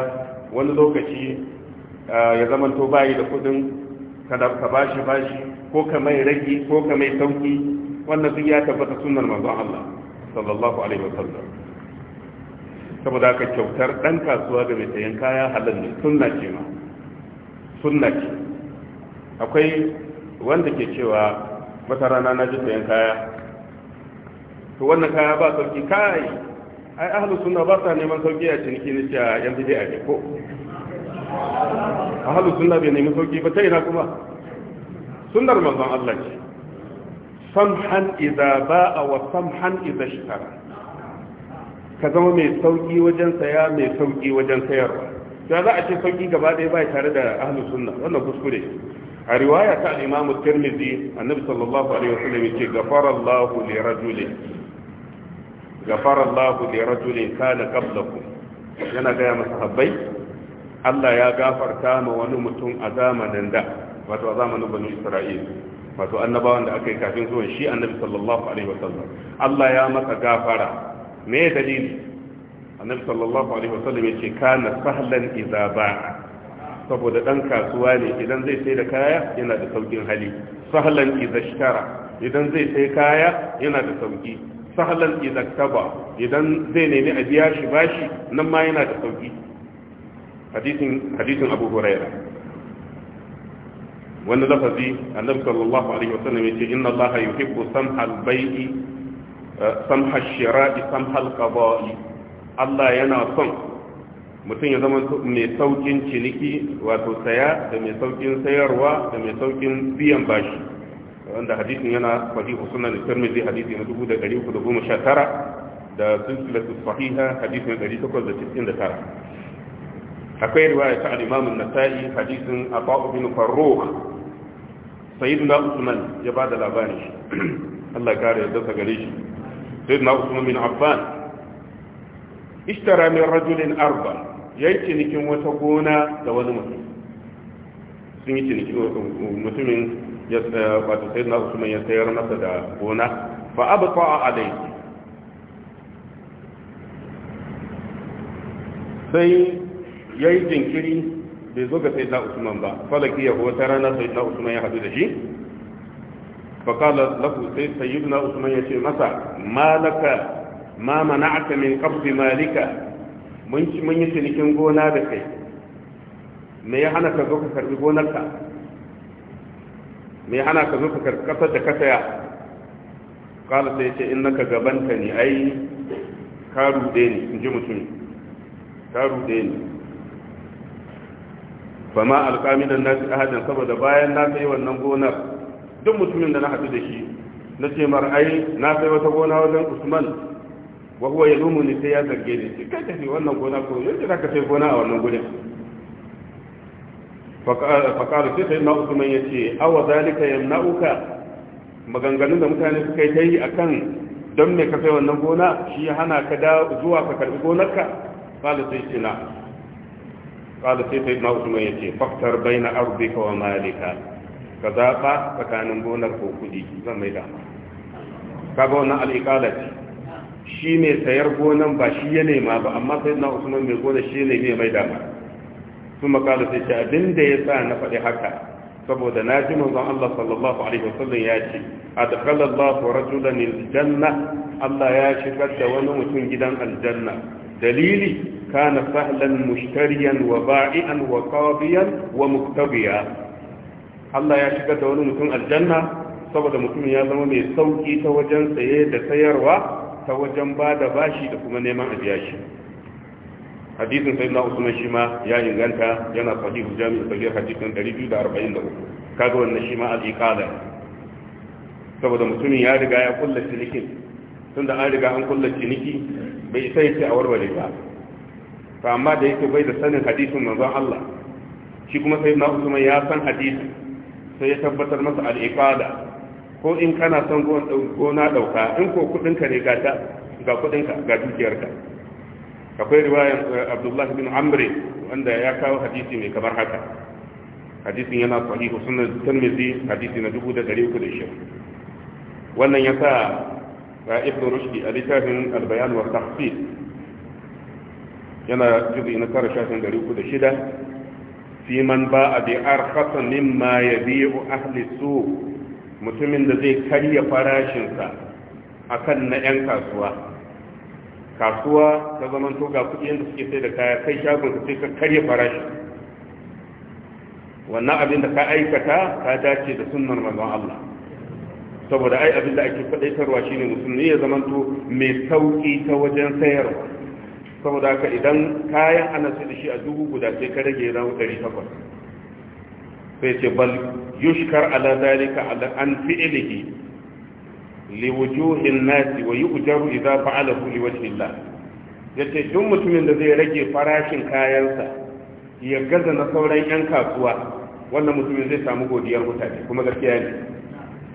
Speaker 1: wani lokaci ya zamanto bayi da kudin ka bashi bashi ko ka mai ragi ko ka mai sauki wannan sun ya tabbata sunan manzon Allah sallallahu alaihi wasallam saboda ka kyautar dan kasuwa ga mai sayan kaya halal ne sunna ce ma sunna ce akwai wanda ke cewa wata rana na ji sayan kaya to wannan kaya ba sauki kai ai ahlu sunna ba sa neman sauki a ciniki ne cewa yan bid'a a ko ahlu sunna bai neman sauki ba ta ina kuma sunnar manzon Allah ce samhan idza ba'a wa samhan idza ishtara ka zama mai sauki wajen saya mai sauki wajen sayarwa ya za a ce sauki gaba ɗaya bai tare da ahlu sunna wannan kuskure a riwaya ta al-imamu tirmidhi annabi sallallahu alaihi wasallam yake gafara Allahu li rajulin gafara Allahu li rajulin kana qablakum yana ga masahabbai Allah ya gafarta ma wani mutum a zamanin da wato a zamanin banu Isra'il wato annabawan da aka yi kafin zuwan shi annabi sallallahu alaihi wasallam Allah ya masa gafara me dalili annabi sallallahu alaihi wasallam ya ce kana sahlan idza ba'a saboda dan kasuwa ne idan zai sai da kaya yana da saukin hali sahlan idza ishtara idan zai sai kaya yana da sauki sahlan idan taba idan zai nemi a biya shi bashi nan ma yana da sauki hadisin hadisin abu huraira wanda lafazi annabi sallallahu alaihi wasallam yace inna allaha yuhibbu samhal bai'i
Speaker 2: samhal shira'i samhal
Speaker 1: qada'i Allah yana son mutum ya zama mai saukin ciniki wato saya da mai saukin sayarwa da mai saukin biyan bashi wanda hadisin yana sahihu sunan tirmidhi hadisi na 1319 da silsilatu sahiha hadisi na 899 akwai riwaya ta al-imam an-nasa'i hadisin abu bin farruh sayyidina usman ya bada labarin shi [CLEARS THROAT] Allah ya kare yadda gare shi sayyidina usman bin affan ishtara min rajulin arba yayi cinikin wata gona da wani mutum sun yi cinikin mutumin Eh, wato sai na usman ya sayar masa da gona fa a alai sai yayi jinkiri bai zo ga na usman ba falaki ya wata rana na usman ya hadu da shi fakala qala sai sayi na usman ya ce masa malaka ma aka min qabdi malika mun mun yi cinikin gona da kai me ya hana ka zo ka karbi gonarka me hana ka ka kasar da ka saya kala sai ce in naka gabanta ni ai ka rude ni in ji mutum ka rude ni ba ma alƙaminan nasi ahadin saboda bayan na sai wannan gonar duk mutumin da na haɗu da shi na ce mar ai na sai wata gona wajen usman wa huwa ya lumu ni sai ya zarge ni kai tafi wannan gona ko yanzu za ka sai gona a wannan gudun faƙaru sai sai na usman ya ce awa zalika ya na'uka maganganun da mutane suka yi ta yi a kan don mai kasai wannan gona shi ya hana ka da zuwa ka karɓi gonarka ƙala sai ce na ƙala sai sai na usman ya ce faktar bai na arzika wa malika ka zaɓa tsakanin gonar ko kuɗi zan mai ka kaga wannan al'iƙala ce shi ne sayar gonan ba shi ya nema ba amma sai na usman mai gona shi ne mai dama Kuma makala sai ce abin da ya sa na faɗi haka saboda na ji manzon Allah sallallahu alaihi wasallam ya ce a dakala Allah rajulan aljanna Allah ya shigar da wani mutum gidan aljanna dalili kana sahlan mushtariyan wa ba'ian wa qadiyan wa muktabiya Allah ya shigar da wani mutum aljanna saboda mutum ya zama mai sauki ta wajen tsaye da sayarwa ta wajen ba da bashi da kuma neman a shi hadisin na usman shi ma ya inganta yana sahihu jami'u sahih hadisin 243 kaga wannan shi ma al-iqala saboda mutumin ya riga ya kulla cinikin tunda an riga an kulla ciniki bai isa yace a warware ba To amma da yake bai da sanin hadisin manzon Allah shi kuma na usman ya san hadisin sai ya tabbatar masa al-iqala ko in kana son gona dauka in ko ka ne ga ta ga kudinka ga dukiyarka akwai riwayar eh, abdullahi bin amri wanda ya kawo hadisi mai kamar haka hadisin yana sahihu sunan tirmidhi hadisi na 1320 wannan ya sa eh, ibn rushdi a littafin albayan wa tahsil yana juzu na tara shafin 306 fi man ba a bi arhasa mimma yabi'u ahli su mutumin da zai karya farashinsa akan na 'yan kasuwa kasuwa ta zaman to ga kuɗi yadda suke sai da kaya kai shagon ka sai ka karya farashi wannan abin da ka aikata ka dace da sunnar manzon Allah saboda ai abin da ake faɗaitarwa shine musulmi ya zaman to mai sauki ta wajen sayarwa saboda haka idan kayan ana sai da shi a dubu guda sai ka rage na ɗari takwas sai ce bal yushkar ala zalika ala an fi'ilihi liwujuhin nasi wa yujaru idza fa'alahu liwajhi Allah yace duk mutumin da zai rage farashin kayansa ya gaza na sauran yan kasuwa wannan mutumin zai samu godiyar mutane kuma gaskiya ne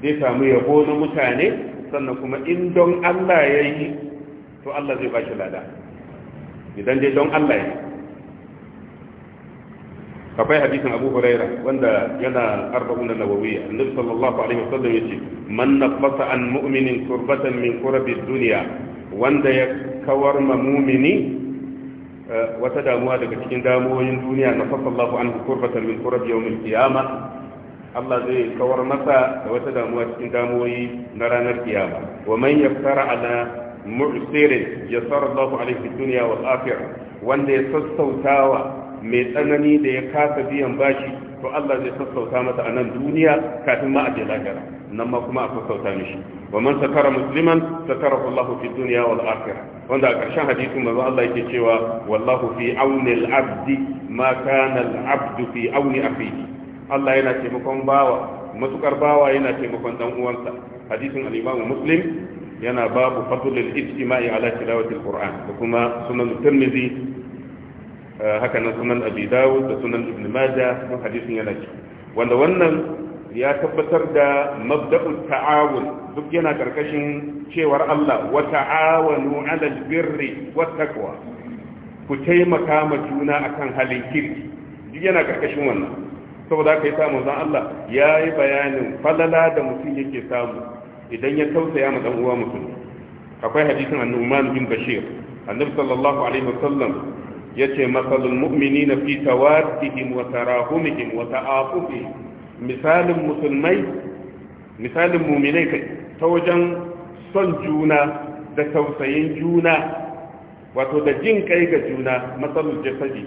Speaker 1: zai samu yabo na mutane sannan kuma in don Allah yi, to Allah zai ba shi lada idan dai don Allah ya yi. akwai hadisin abu huraira wanda yana arba'un da nawawi annabi sallallahu alaihi wasallam yace man nafasa an mu'minin kurbatan min kurabi dunya wanda ya kawar ma mu'mini eh, wata damuwa daga cikin damuwoyin duniya na Allahu anhu kurbatan min kurabi yawmil qiyama Allah zai kawar masa da wata damuwa cikin damuwoyi na ranar kiyama wa man yaftara ala mu'sirin yasar Allahu alaihi dunya wal akhirah wanda ya sassautawa mai tsanani da ya kasa biyan bashi to Allah zai sassauta masa a nan duniya kafin ma a je lahira nan ma kuma a sassauta mishi wa man satara musliman satarahu Allah fi dunya wal akhirah wanda a ƙarshen hadisin manzo Allah yake cewa wallahu fi auni al abdi ma kana al abdu fi auni akhihi Allah yana taimakon bawa matukar bawa yana taimakon dan uwansa hadisin al-Imam Muslim yana babu fadlul ijtima'i ala tilawati al-Qur'an da kuma sunan Tirmidhi Eh, haka nan sunan abi dawud da sunan ibn majah duk hadisin yana ciki wanda wannan ya tabbatar da mabda'ul ta'awun duk yana karkashin cewar Allah wa ta'awanu 'alal birri wat taqwa ku taimaka ma juna akan halin kirki duk yana karkashin wannan saboda haka yasa manzon Allah yayi bayanin falala da mutum yake samu idan ya tausaya ma dan uwa mutum akwai hadisin annuman bin bashir annabi sallallahu alaihi wasallam yace masalul mu'minina fi tawaddihim wa tarahumihim wa ta'afufihim misalin musulmai misalin mu'minai kai ta wajen son juna da tausayin juna wato da jin kai ga juna masalul jasadi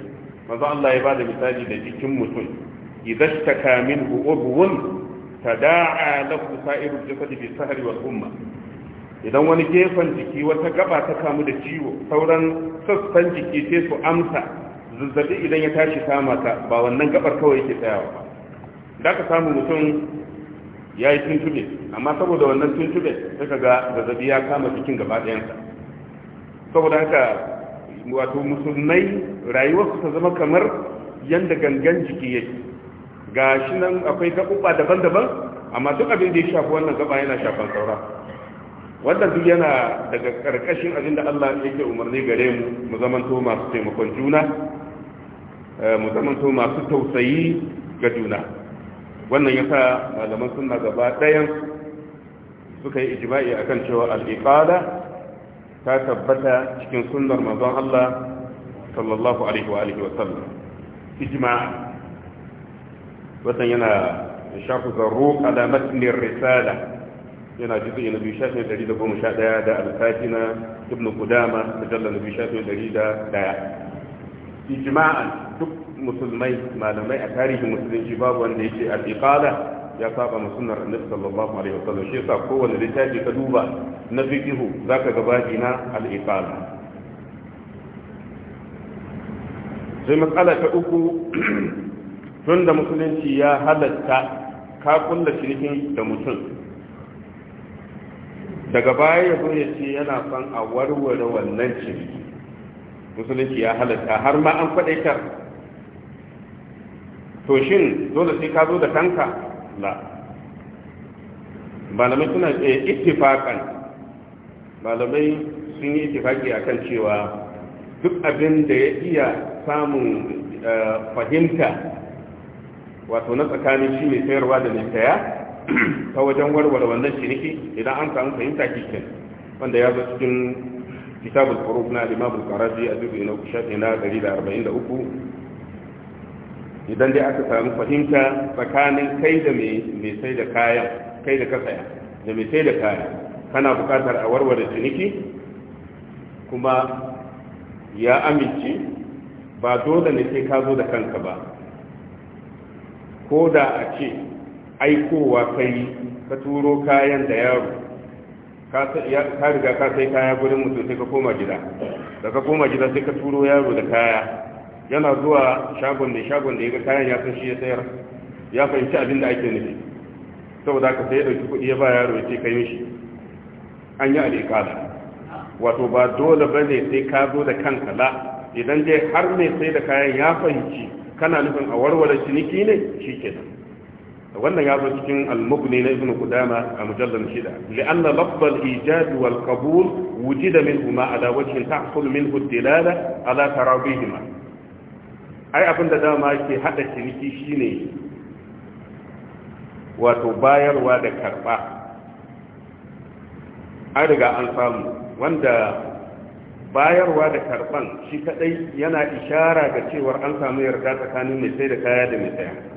Speaker 1: manzo Allah ya bada misali da jikin mutum idan ta kamin hu'ubun tada'a lahu sa'irul jasadi bi sahri wal umma idan wani gefen jiki wata gaba ta kamu da ciwo sauran sassan jiki sai su amsa zazzabi idan ya tashi kama ka ba wannan gabar kawai yake tsayawa ba da ka samu mutum ya yi tuntube amma saboda wannan tuntube suka ga zazzabi ya kama jikin gaba ɗayansa saboda haka wato musulmai su ta zama kamar yadda gangan jiki yake ga shi nan akwai gaɓuɓɓa daban-daban amma duk abin da ya shafi wannan gaba yana shafan saura wannan duk yana daga karkashin abin da Allah yake umarni gare mu mu zamanto masu taimakon juna eh, mu zamanto masu tausayi ga juna wannan yasa malaman sunna gaba ɗayan suka yi ijma'i akan cewa al-iqada ta tabbata cikin sunnar manzon Allah sallallahu alaihi wa alihi wa sallam ijma' wannan yana shafu zarruq ala matnir risala yana jibi yana biyu shafin dari da goma sha ɗaya da alfajina na ibn kudama da jalla na biyu shafin dari da ɗaya ijma'an duk musulmai malamai a tarihin musulunci babu wanda yake al ya saba ma sunnar annabi sallallahu alaihi sallam shi yasa kowane littafi ka duba na fiqhu zaka ga baji na al sai matsala ta uku [CLEARS THROAT] tunda musulunci ya halatta ka kulla cinikin da mutum daga baya ya zo ya ce yana son a warware wannan ciniki musulunci ya halatta har ma an kwadaitar to shin dole sai ka zo da kanka la malamai suna ce eh, ittifakan malamai sun yi ittifaki akan cewa duk abin da ya iya samun eh, fahimta wato na tsakanin shi mai sayarwa da mai saya ta wajen warware wannan ciniki idan an samu fahimta kicin wanda ya zo cikin kitabul furuf na imam al-qarazi a dubu na shafi na 143 idan dai aka samu fahimta tsakanin kai da mai sai da kaya, kai da kasaya da mai sai da kaya, kana buƙatar a warware ciniki kuma ya amince ba dole ne sai ka zo da kanka ba ko da a ce aikowa kai ka turo kayan da yaro ka riga ka sai kaya gurin mutum sai ka koma gida da ka koma gida sai ka turo yaro da kaya yana zuwa shagon da shagon da ya ga kayan ya san shi ya sayar ya fahimci abin da ake nufi saboda ka sai ya ɗauki kuɗi ya ba yaro ya ce ka yi shi an yi alikala wato ba dole ba ne sai ka zo da kanka ba idan dai har mai sai da kayan ya fahimci kana nufin a warware ciniki ne shi kenan wannan ya zo cikin al-mughni na ibnu qudama a mujallal shida li'anna lafz al-ijad wal qabul wujida minhu ma ala wajhin tahsul minhu dilala ala tarawihima ai abin da dama ke hada ciniki shine wato bayarwa da karba an riga an samu wanda bayarwa da karban shi kadai yana ishara ga cewar an samu yarda tsakanin mai sai da kaya da mai saya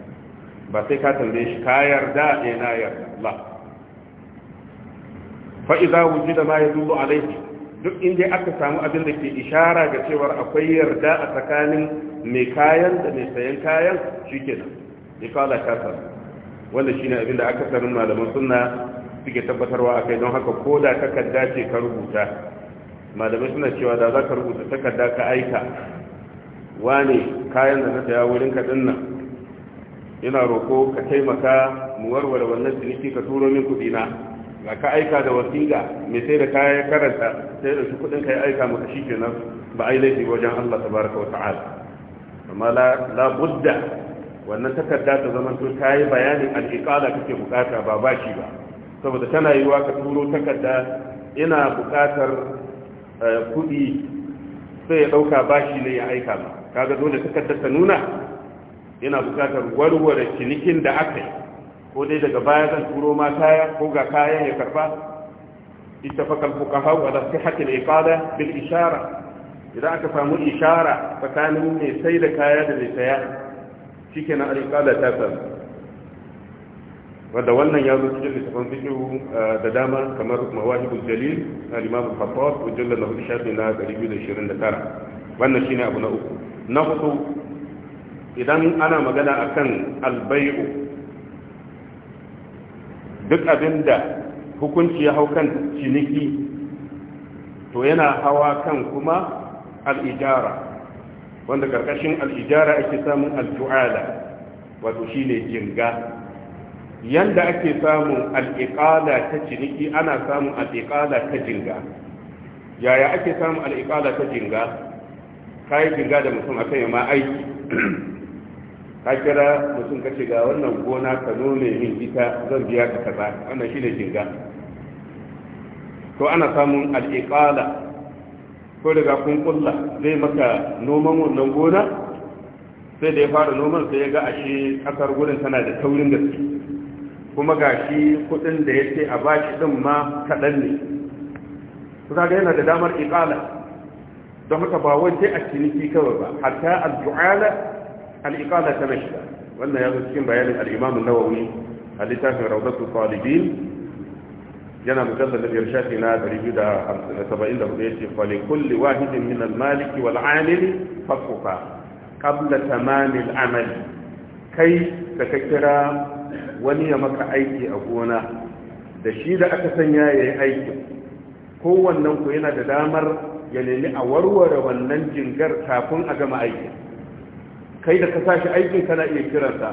Speaker 1: ba sai ka tambaye shi ka yarda eh na yarda Allah fa idza wujida ma yadullu alayhi duk inda aka samu abin da ke ishara ga cewa akwai yarda a tsakanin mai kayan da mai sayan kayan shikenan kala kasar wanda shine abin da aka sanin malaman sunna suke tabbatarwa akai don haka koda takarda ce ka rubuta malamai suna cewa da za ka rubuta takarda ka aika wane kayan da na saya wurin ka dinnan ina roko ka taimaka mu warware wannan ciniki ka turo min kuɗi na ga ka aika da wasiƙa mai sai da kaya karanta sai da shi kuɗin ka ya aika maka shi kenan ba ai laifi wajen Allah tabaraka wa ta'ala amma la budda wannan takarda ta zaman to ta yi bayanin al'iƙala kake bukata ba bashi ba saboda tana yiwa ka turo takarda ina bukatar eh, kuɗi sai ya ɗauka bashi ne ya aika ba kaga dole takardar ta nuna yana bukatar warware cinikin da aka yi ko dai daga baya zan turo ma kaya ko ga kayan ya karba ittafaqa al-fuqaha ala sihhati al-iqada bil ishara idan aka samu ishara tsakanin mai sai da kaya da mai saya shikenan al-iqada ta samu wanda wannan ya zo cikin littafin fikihu da dama kamar mawahibul jalil na imam al-fattar mujallal na 12 na 229 wannan shine abu na uku na hudu idan ana magana akan albayu duk abinda hukunci ya hau kan ciniki to yana hawa kan kuma al'ijara wanda karkashin al'ijara ake samun al'ju'ala wato shine jinga yanda ake samun al'iƙala ta ciniki ana samun al'iƙala ta jinga yaya ake samun al'iƙala ta jinga kayi jinga da mutum a kai ma aiki ka kira mutum ka ga wannan gona ka nome min ita zan biya ka kaza wannan shi ne jinga to ana samun al'iqala ko daga kun kulla zai maka noman wannan gona sai da ya fara noman sai ya ga ashe kasar gudun tana da taurin gaske kuma ga shi kudin da ya ce a bashi ɗin ma kaɗan ne kusa ga yana da damar iƙala. don haka ba wai a ciniki kawai ba hatta al-du'ala al'iƙala ta mai wannan ya cikin bayanin al'imamun nawawi a littafin raudatu talibin yana mujallar da biyar shafi na 274 ya ce fali kulli wahidin min al-maliki wal amili fasuka qabla tamamil amali kai da ka kira wani ya maka aiki a gona da shi da aka sanya ya yi aiki. kowannen ku yana da damar ya nemi a warware wannan jingar kafin a gama aikin kai da ka sashi aikin kana iya kiransa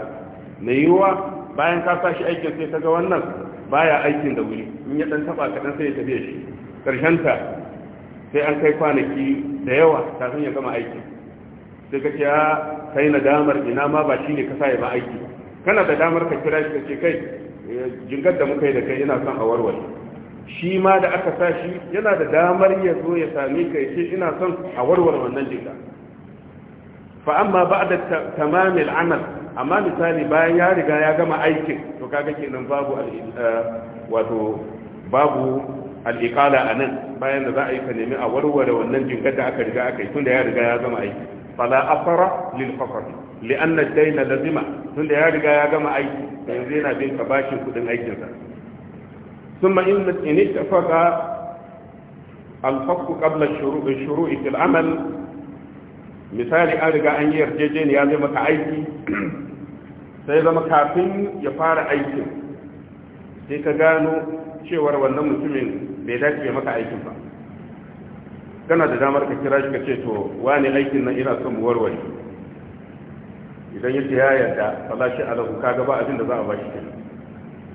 Speaker 1: mai yiwuwa bayan ka sashi aikin sai ka ga wannan baya aikin da wuri in ya dan taba kaɗan sai ya tafi shi ta sai an kai kwanaki da yawa kafin ya gama aikin sai ka ce a ah, kai nadamar ina ma ba ne ka sa ya ba aiki kana da damar ka kira shi ka ce kai jingar da muka yi da kai ina son a warware shi ma da aka sa shi yana da damar ya zo ya same ka ya ce ina son a warware wannan jingar fa amma ba'da tamamil amal amma misali bayan ya riga ya gama aikin to kaga kenan babu eh, wato babu al'iƙala a nan bayan da za a yi ka nemi a warware wannan jingar da aka riga aka yi tunda ya riga ya gama aiki fala afara lil fasar li'anna daina lazima tunda ya riga ya gama aiki yanzu yana bin ka bashin kudin aikinsa summa in in ittafaqa al-fasl qabla shuru'i al-amal misali an riga an yi yarjejeniya zai maka aiki sai zama kafin ya fara aikin sai ka gano cewar wannan mutumin bai dace maka aikin ba kana da damar ka kira shi ka ce to wani aikin nan ina son warware idan yake ya yarda falashi alahu kaga ba abin da za a ba shi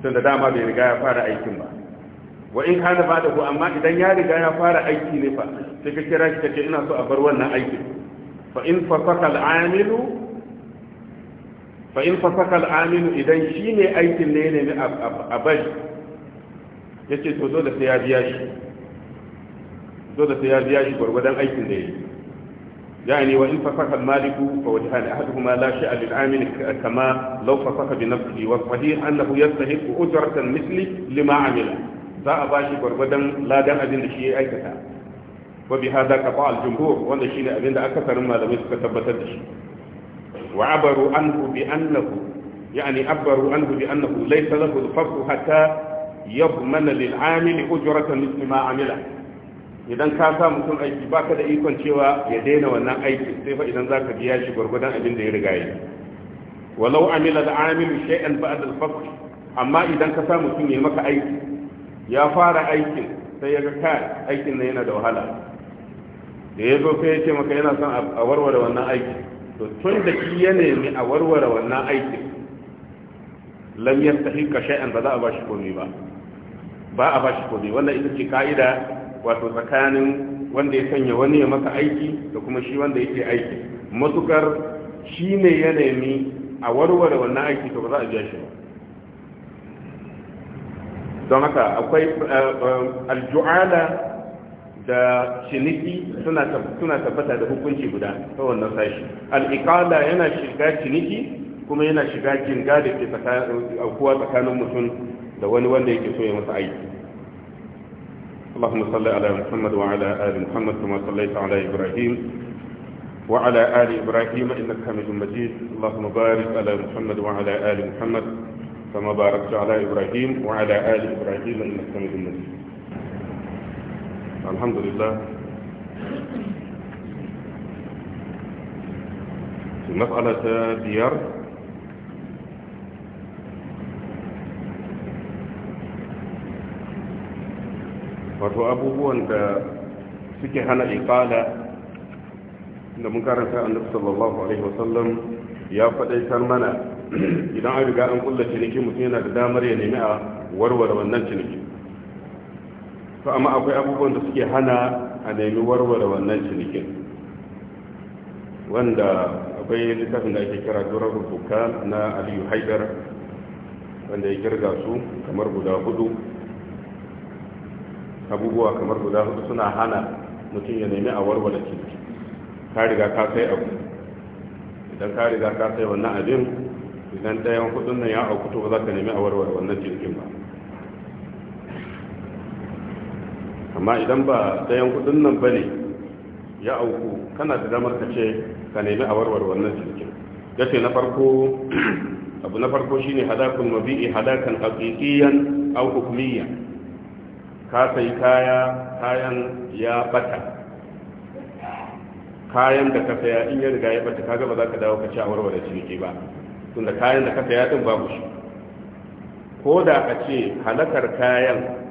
Speaker 1: tun da dama bai riga ya fara aikin ba wa in kana ba da ku amma idan ya riga ya fara aiki ne fa sai ka kira shi ka ce ina so a bar wannan aikin fa in fasaka al'amilu fa in fasaka al'amilu idan shi ne aikin ne ne a bari ya ce to da sai ya biya shi da sai ya biya shi gwargwadon aikin da ya yi يعني وإن فسخ المالك فوجهان أحدهما لا شيء للعامل كما لو فسخ بنفسه والصحيح أنه يستحق أجرة مثل لما عمل za a bashi gwargwadon ladan abin da shi ya aikata wa bi hada qafa al jumhur wanda shine abinda akasarin malamai suka tabbatar da shi wa abaru anhu bi annahu yani abaru anhu bi annahu laysa lahu al farq idan ka sa mutum aiki baka da ikon cewa ya daina wannan aikin sai fa idan ka biya shi gurgudan abin da ya riga yi walau amila da amilu shay'an ba'da da fasl amma idan ka sa mutum ya maka aiki ya fara aikin sai ya ga kai aikin nan yana da wahala da ya zo sai ya ce maka yana son a warware wannan aiki to tun da shi ya nemi a warware wannan aiki lam yastahiqa sha'an ba za a bashi komai ba ba a bashi komai wannan ita ce ka'ida wato tsakanin wanda ya sanya wani ya maka aiki da kuma shi wanda yake aiki matukar shi ne ya nemi a warware wannan aiki to ba za a biya shi ba don haka akwai eh, eh, aljuala da ciniki suna tabbata da hukunci guda ta wannan sashi al'iƙala yana shiga ciniki kuma yana shiga jinga da ke aukuwa tsakanin mutum da wani wanda yake so ya masa aiki ala صل على محمد وعلى ta ala ibrahim صليت ala إبراهيم وعلى آل إبراهيم إنك حميد مجيد اللهم بارك على محمد وعلى آل محمد كما باركت على إبراهيم وعلى آل ibrahim إنك حميد مجيد alhamdulillah su matsala ta biyar wato abubuwan da suke hana ikala da mun karanta annabi sallallahu alaihi wasallam ya faɗaitar mana idan an riga an kulla ciniki mutum yana da damar ya nemi a warware wannan cinikin. to amma akwai abubuwan da suke hana a nemi warware wannan cinikin wanda akwai littafin da ake kira durar rubuka na aliyu haidar wanda ya kirga su kamar guda hudu abubuwa kamar guda hudu suna hana mutum ya nemi a warware ciniki ka riga ka sai abu idan ka riga ka sai wannan abin idan ɗayan hudun nan ya auku to ba za ka nemi a warware wannan cinikin ba amma idan ba sayan kudin nan ba ne ya auku kana da damar ka ce ka nemi a warware wannan jirgin ya ce na farko [CLEARS THROAT] abu na farko shine hadakun mabi'i hadakan hakikiyan au hukumiyan ka sai kaya kayan ya bata kayan da ka saya in ya riga ya bata kaga ba za ka dawo ka ci a warware ciniki ba tunda kayan da ka saya din babu shi ko da ka ce halakar kayan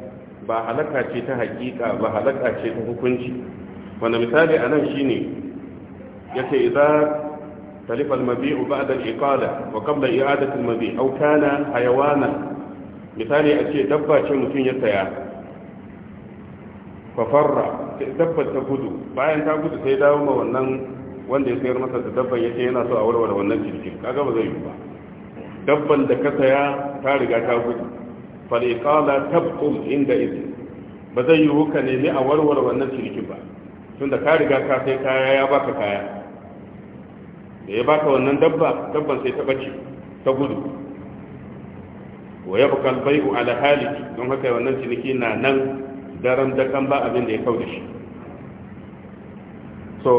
Speaker 1: ba halaka ce ta hakika ba halaka ce ta hukunci wanda misali a nan shine ya ce, talifa al-mabi'u ba'da al ikada wa qabla i'adati al-mabi' aw kana hayawana misali a ce dabba ce mutum ya saya fa farra dabba ta gudu bayan ta gudu sai dawo ma wannan wanda ya sayar masa da dabban yace yana so a warware wannan cikin kaga ba zai yi ba dabban da ka saya ta riga ta gudu faliƙala tabkum inda izin ba zai yiwu ka nemi a warware wannan cinikin ba tunda ka riga ka sai kaya ya baka kaya da ya baka wannan dabba dabban sai ta bace ta gudu wa ya bukal bai'u ala haliki don haka wannan ciniki na nan daren kan ba abin da ya kauda shi so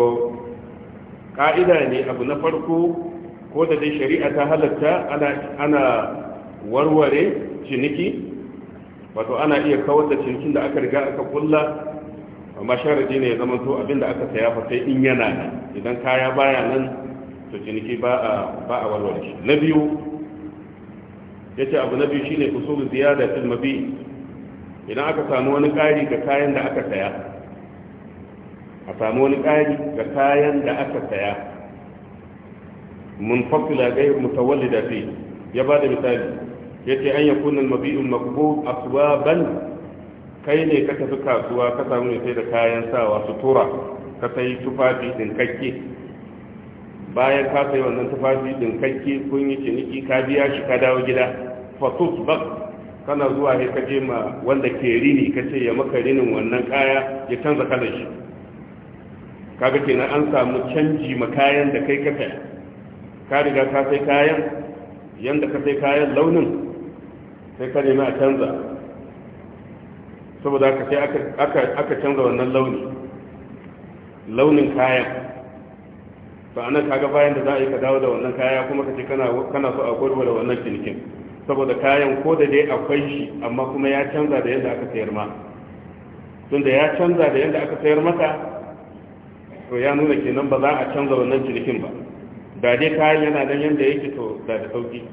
Speaker 1: ka'ida ne abu na farko ko da dai shari'a ta halatta ana warware ciniki wato ana iya kawar da cinikin da aka riga aka kulla
Speaker 2: amma sharadi ne ya zama to
Speaker 1: abinda aka saya fa sai in yana nan idan kaya baya nan to ciniki ba a ba a walwala shi na biyu yace abu na biyu shine kusur ziyada fil mabi idan aka samu wani kari ga kayan da aka saya a samu wani kari ga kayan da aka saya mun fasila gairu mutawallida fi ya ba da misali yace an yakun al-mabi'u maqbud aswaban kai ne ka tafi kasuwa ka samu ne sai da kayan sawa sutura ka sai tufafi din kakke bayan ka sai wannan tufafi din kakke kun yi ciniki ka biya shi ka dawo gida fa tusbaq kana zuwa ne ka je ma wanda ke rini ka ce ya maka rinin wannan kaya ya canza kalar shi kaga kenan an samu canji ma kayan da kai ka ka riga ka sai kayan yanda ka sai kayan launin sai ka nemi a canza saboda haka sai aka canza wannan launi launin kayan ba nan kaga bayan da za a yi ka dawo da wannan kaya kuma ka ce kana so a gurbar da wannan cinikin saboda kayan ko da dai akwai shi amma kuma ya canza da yadda aka sayar ma tun da ya canza da yadda aka sayar maka to ya nuna kenan ba za a canza wannan cinikin ba da dai kayan yana nan yadda yake to da da sauki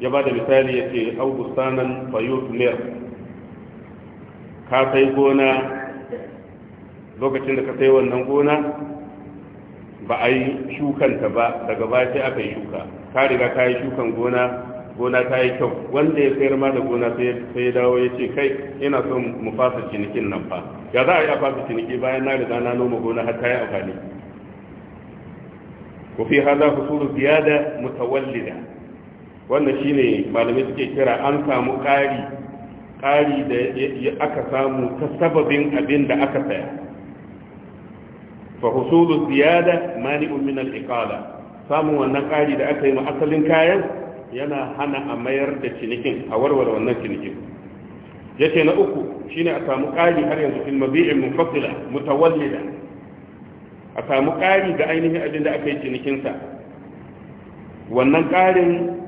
Speaker 1: ya ba da misali ya ce au busanan fayut ka sai gona lokacin da ka sai wannan gona ba a yi shukanta ba daga ba sai aka yi shuka ka riga ka yi shukan gona gona ta yi kyau wanda ya sayar ma da gona sai ya dawo ya ce kai ina son mu fasa cinikin nan fa ya za a yi a fasa ciniki bayan na riga na noma gona har ta yi amfani وفي هذا حصول زيادة mutawallida wannan shine malamai suke kira an samu ƙari ƙari da aka samu ta sababin abin da aka saya fa ziyada mani'un min al-iqala samun wannan ƙari da aka yi ma asalin kayan yana hana a mayar da cinikin a warware wannan cinikin yace na uku shine a samu ƙari har yanzu fil mabi'in munfasila mutawallida a samu ƙari ga ainihin abin da aka yi cinikinsa wannan ƙarin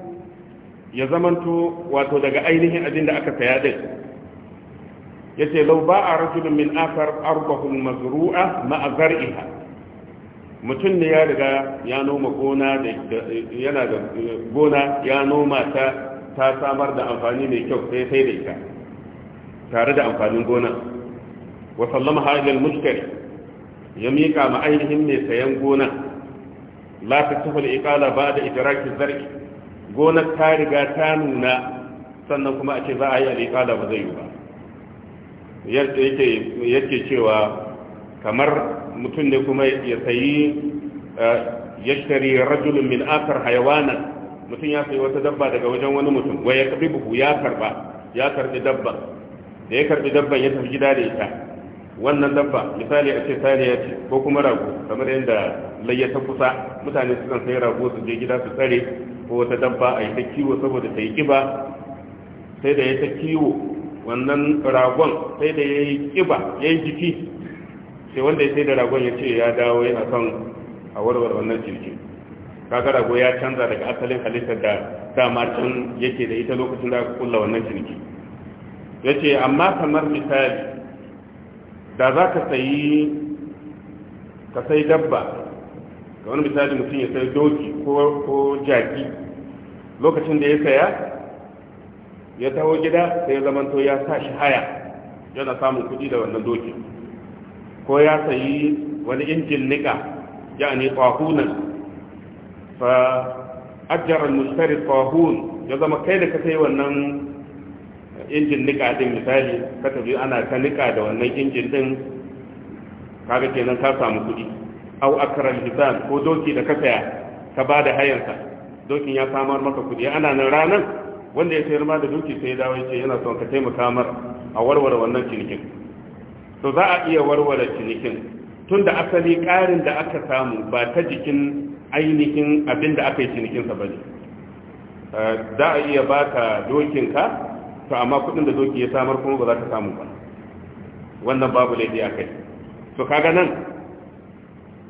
Speaker 1: ya zamanto wato daga ainihin abin da aka saya din yace law ba'a rajulun min akhar ardahu mazru'a ma'a mutum ne ya riga ya noma gona da yana da gona ya noma ta ta samar da amfani mai kyau sai sai da ita tare da amfanin gona wa sallama hajjal mushtari ya miƙa ma ainihin mai sayan gona la ta tafi iƙala ba da idrakin zarki gonar ta riga ta nuna sannan kuma a ce za a yi alikala ba zai yi ba yadda yake cewa kamar mutum ne kuma ya sayi eh, ya shari rajulun min akar hayawanan mutum ya sayi wata dabba daga wajen wani mutum waya kabi buhu ya karba ya karbi dabban da ya karbi dabban ya tafi gida da ita wannan dabba misali a ce saniya ce ko kuma rago kamar yadda layyata ta kusa mutane su kan sayi rago su je gida su tsare ko wata dabba a yi ta kiwo saboda ta yi kiba sai da ya ta kiwo wannan ragon sai da ya yi kiba ya yi jiki sai wanda ya sai da ragon ya ce ya dawo yana son a warware wannan jirgin kaga rago ya canza daga asalin halittar da dama can yake da ita lokacin da aka kulla wannan jirgi ya ce amma kamar misali da za ka sayi ka sai dabba da wani misali mutum ya sayi doki ko jaki lokacin da ya saya ya taho gida sai ya zamanto ya sa shi haya yana samun kuɗi da wannan doki ko ya sayi wani injin nika ya ne ƙwahunan fa ajiyar mustari ƙwahun ya zama kai da ka sayi wannan injin nika din misali ka tafi ana ta nika da wannan injin din kaga kenan ka samu kuɗi au akaral hisan ko doki da ka saya ka ba da hayansa dokin ya samar maka kudi ana nan ranan wanda ya sayar ma da doki sai ya dawo yace yana son ka taimaka mar a warware wannan cinikin to za a iya warware cinikin tunda asali ƙarin da aka samu ba ta jikin ainihin abin da aka yi cinikinsa ba ne eh, za a iya ba ka to amma kudin da doki ya samar kuma ba za ka samu ba wannan babu laifi a kai to kaga nan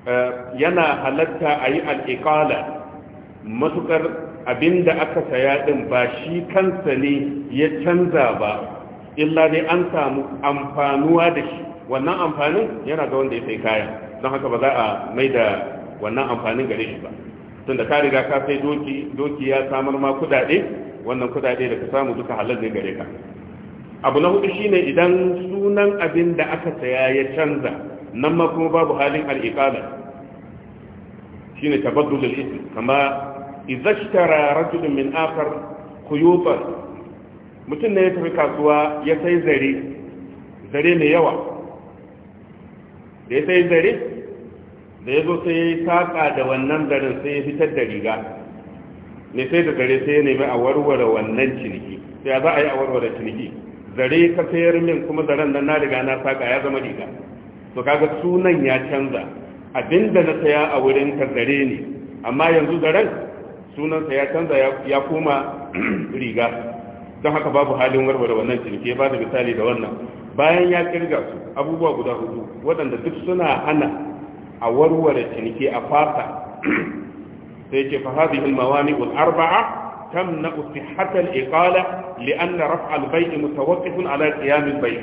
Speaker 1: Eh, yana halatta a yi al'iƙala matukar abinda aka saya ɗin ba shi kansa ne ya canza ba illa ne an samu amfanuwa da shi wannan amfanin yana ga wanda ya sai kaya, don haka ba za a mai da wannan amfanin gare shi ba tunda ka riga ka sai doki doki ya samar ma kudade wannan kudade da ka samu duka halar ne gare ka abu na hudu shine idan sunan abin da aka saya ya canza nan ma kuma babu halin al'iƙala shi ne tabaddul al'isim kama izashtara rajulun min akar kuyutan mutum ne ya tafi kasuwa ya sai zare zare mai yawa da ya sai zare da ya zo sai ya saƙa da wannan zaren sai ya fitar da riga ne sai da zare sai ya nemi a warware wannan ciniki sai za a yi a warware ciniki zare ka sayar min kuma zaren nan na riga na saƙa ya zama riga to kaga sunan ya canza abinda na saya a wurin ka zare ne amma yanzu daren sunansa ya canza ya koma [CLEARS THROAT] riga don haka babu halin warware wannan cinike ba da misali da wannan bayan ya kirga su abubuwa guda hudu waɗanda duk suna hana a warware cinike a fata [CLEARS THROAT] sai ce fa hadhihi al-mawani' al-arba'a تمنع صحة الإقالة لأن رفع البيع متوقف على قيام bai.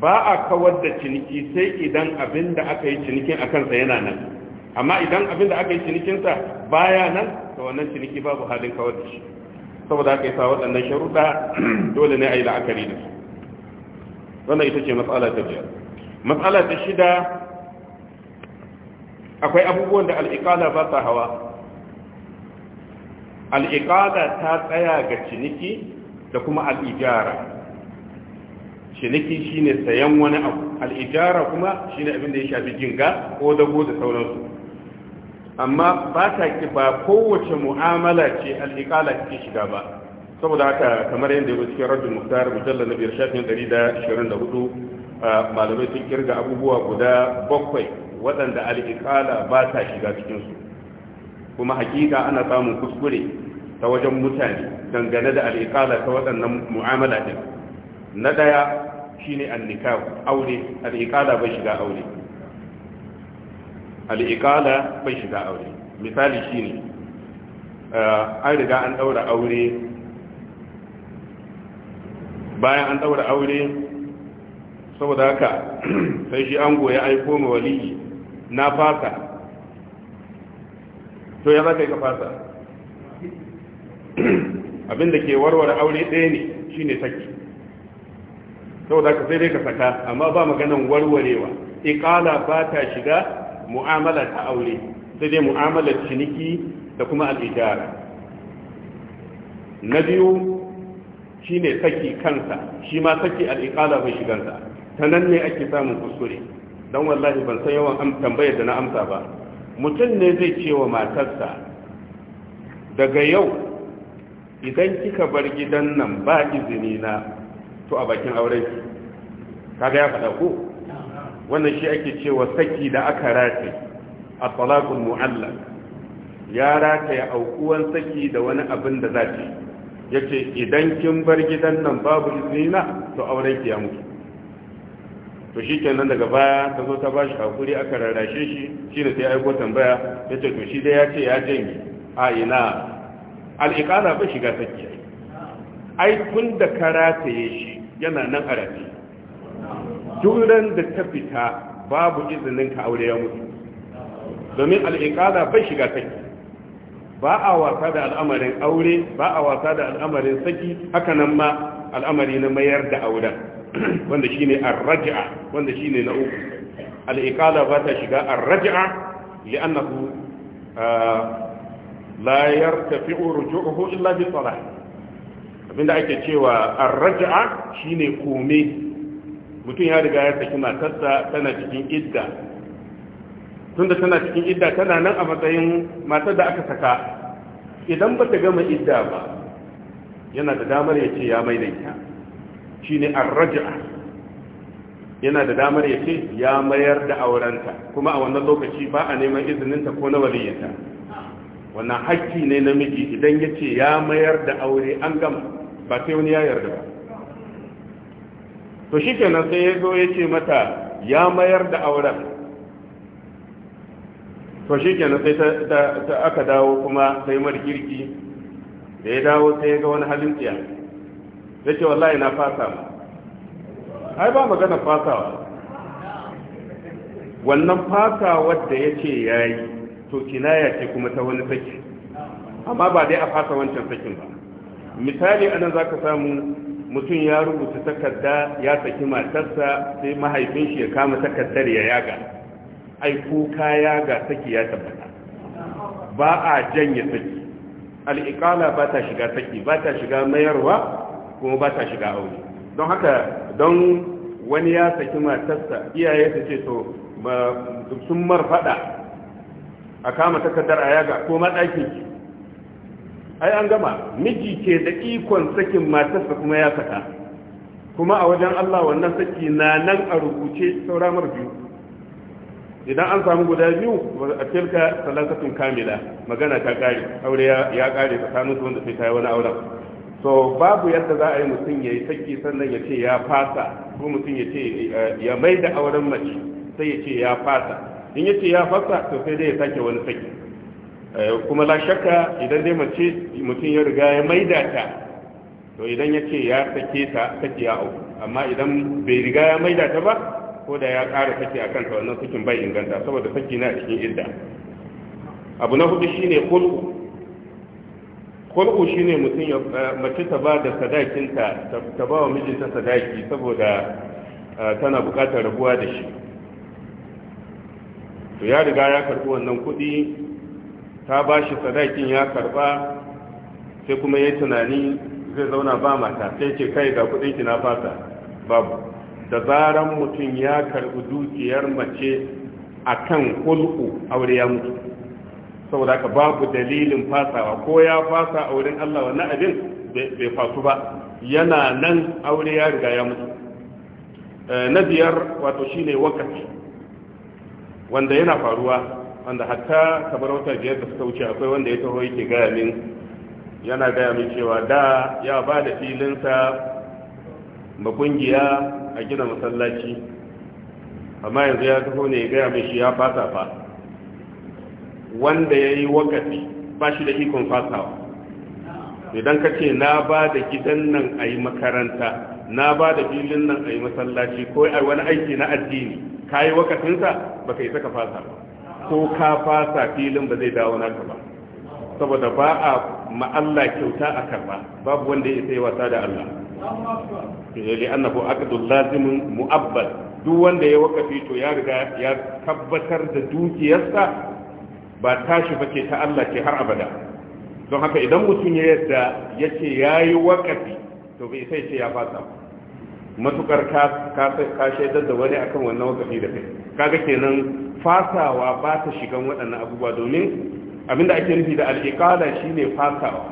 Speaker 1: ba a kawar da ciniki sai idan abin da aka yi cinikin a kansa yana nan amma idan abin da aka yi cinikinsa baya nan to wannan ciniki babu halin kawar da shi saboda aka yi sa waɗannan sharuɗa [CLEARS THROAT] dole ne a yi la'akari da su wannan ita ce matsala ta biyar matsala ta shida akwai abubuwan da al'iƙala ba ta hawa al'iƙala ta tsaya ga ciniki da kuma al'ijara ciniki shine sayan wani abu al'ijara kuma shine abin da ya shafi jinga ko dago da sauransu amma ba ta ki ba kowace mu'amala ce al'iƙala ke shiga ba saboda haka kamar yadda ya cikin raddin muktar mujallar na biyar shafin ɗari da shirin da hudu malamai sun kirga abubuwa guda bakwai waɗanda al'iƙala ba ta shiga cikinsu kuma hakika ana samun kuskure ta wajen mutane dangane da al'iƙala ta waɗannan mu'amala ɗin na daya shine annikah aure al bai shiga aure al bai shiga aure misali shine eh, an riga an daura aure bayan an daura aure saboda haka [CLEARS THROAT] sai shi an goya aiko ma waliyi na fasa to ya zaka ka yi ka fasa [CLEARS THROAT] abinda ke warware aure ɗaya ne shine saki saboda ka sai dai ka saka amma ba maganan warwarewa iqala ba ta shiga mu'amala ta aure sai dai mu'amalar ciniki da kuma al'ijara na biyu shine saki kansa shi ma saki al'iƙala bai shigansa ta nan ne ake samun kuskure don wallahi ban san yawan tambayar da na amsa ba mutum ne zai ce wa matarsa daga yau idan kika bar gidan nan ba izini na to a bakin auren shi kaga ya faɗa ko wannan shi ake cewa saki da aka rataye a talaqul mu'allaq ya rataya aukuwan saki da wani abin da za ta yace idan kin bar gidan nan babu izina to auren ki ya mutu to shi kenan daga baya ta zo ta bashi hakuri aka rarrashe shi shi da sai aiko tambaya ya ce to shi dai ya ce ya janye a ina al'iƙala ba shiga saki ai tun da ka rataye shi yana nan a rafi duran da ta fita babu izinin ka aure ya mutu domin al'iƙada bai shiga saki ba a wasa da al'amarin aure ba a wasa da al'amarin saki haka nan ma al'amari na mayar da auren [CLEARS THROAT] wanda shine ar-raj'a wanda shine na uku al ba ta shiga ar-raj'a li'annahu ah, la yartafi'u ruju'uhu illa bi salah abinda ake cewa arraja'a shine kome mutum ya riga ya saki matarsa tana cikin idda tunda tana cikin idda tana nan a matsayin matar da aka saka idan ba ta gama idda ba yana da damar ya ce ya maidaita shine arraja'a yana da damar ya ce ya mayar da aurenta kuma a wannan lokaci ba a neman izininta ko na waliyinta wannan hakki ne namiji idan ya ce ya mayar da aure an gama ba sai wani ya yarda ba to shi kenan sai ya zo ya ce mata ya mayar da auren to shi kenan sai ta aka dawo kuma sai mar kirki da ya dawo sai ya ga wani halin tsiya ya ce wallahi na fasa ma ai ba magana fasawa wannan fasa wadda ya ce ya yi to kinaya ce kuma ta wani saki amma ba dai a fasa wancan sakin ba misali anan za ka samu mutum ya rubuta takarda ya saki matarsa sai mahaifin shi ya kama takardar ya yaga ai kuka yaga saki ya tabbata ba a janye saki al'iƙala ba ta shiga saki ba ta shiga mayarwa kuma ba ta shiga aure don haka don wani ya saki matarsa iyaye ta ce to sun marfada a kama takardar a yaga ko matsakin ai an gama miji ke da ikon sakin matarsa kuma ya saka kuma a wajen Allah wannan saki na nan a rubuce saura mar biyu idan an samu guda biyu a tilka salasatun kamila magana ta kare aure ya kare ta su wanda sai ta yi wani auren so babu yadda za a yi mutum ya yi saki sannan ya ce ya fasa ko mutum ya ce eh, ya mai da auren mace sai ya ce ya fasa in ya ce ya fasa to sai dai ya sake wani saki Eh, kuma la shakka idan dai mace mutum ya riga ya maida ta to idan ya ce ya sake ta sake ya auku amma idan bai riga ya maida ta ba ko da ya ƙara sake a kanta wannan sakin bai inganta saboda saki na cikin idda abu na hudu shine kulku kulku shine mutum ya eh, mace ta ba da sadakinta ta ba wa mijinta sadaki saboda eh, tana buƙatar rabuwa da shi to ya riga ya karɓi wannan kuɗi ta ba shi sadakin ya karba sai kuma ya tunani zai zauna ba mata sai ce kai ga kudin ki na fata babu da zaran mutum ya karbi dukiyar mace akan hulku aure ya mutu saboda ka babu dalilin fasawa ko ya fasa auren Allah wa abin bai fasu ba yana nan aure ya riga ya mutu eh, na biyar wato shine wakati wanda yana faruwa wanda hatta kamar wata biyar da suka wuce akwai wanda ya taho yake gaya min yana gaya min cewa da ya ba da filinsa ma kungiya a gina masallaci amma yanzu ya taho ne ya gaya min shi ya fasa fa wanda ya yi wakati ba shi da ikon fasawa
Speaker 2: idan ka ce na ba da gidan
Speaker 1: nan a yi makaranta na ba da filin nan a yi masallaci ko wani aiki na addini ka yi wakatinsa ba ka yi saka fasa ba ko ka fasa filin ba zai dawo naka ba saboda ba a ma'alla kyauta a karba babu wanda ya sai wasa da Allah eh, li annahu aqdul lazimun mu'abbad duk wanda ya wakafi to ya riga ya tabbatar da dukiyarsa ba tashi bace ta Allah ce har abada don haka idan mutum ya yadda yace yayi wakafi to bai sai ce ya fasa matukar ka ka shaidar da wani akan wannan wakafi da kai kaga kenan fasawa ba ta shigan waɗannan abubuwa domin abinda ake nufi da al'iƙada shi ne fasawa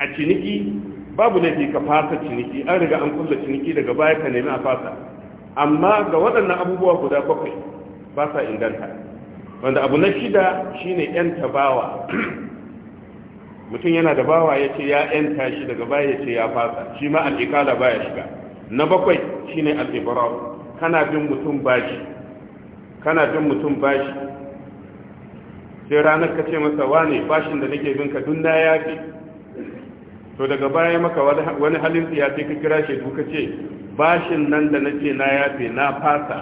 Speaker 1: a ciniki babu laifi ka fasa ciniki an riga an kulla ciniki daga baya ka nemi a fasa amma ga waɗannan abubuwa guda bakwai ba sa inganta wanda abu na shida shi ne ‘yanta tabawa [CLEARS THROAT] mutum yana da bawa ya ce ya yanta shi daga baya ya ce ya fasa shi ma ba baya shiga na bakwai shi ne Alibarau kana bin mutum bashi kana jin mutum bashi sai ranar ka ce masa wane bashin da nake binka dun na fi to daga baya maka wani halin ya sai ka kira shi duka ce bashin nan da nake na yafe na fasa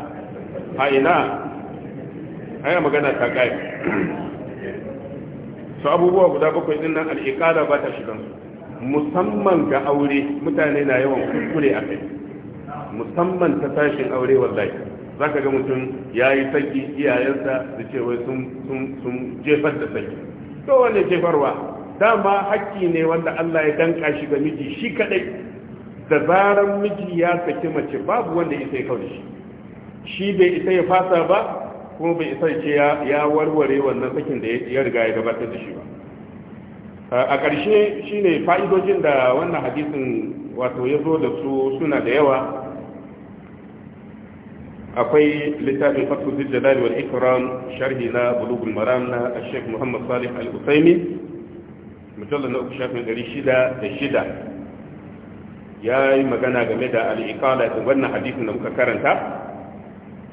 Speaker 1: a ina haya magana ta kai su abubuwa guda bakwai din nan al'iƙada ba ta shigan musamman ga aure mutane na yawan kuskure a kai musamman ta sashin aure wallahi za ka ga mutum ya yi saki iyayensa da ce wai sun jefar da saki to wanda jefarwa dama haƙƙi ne wanda Allah ya danka shi ga miji shi kaɗai da zaran miji ya saki mace babu wanda isa ya kawai shi shi bai isa ya fasa ba kuma bai isa ce ya warware wannan sakin da ya riga ya gabatar da shi ba a ƙarshe shine fa'idojin da wannan hadisin wato ya zo da su suna da yawa akwai littafin fatku zijjalal wal ikram sharhi na bulugul maram na sheikh muhammad salih al usaimi mujallar na uku shafin ɗari shida da shida ya yi magana game da al'iƙala da wannan hadisin da muka karanta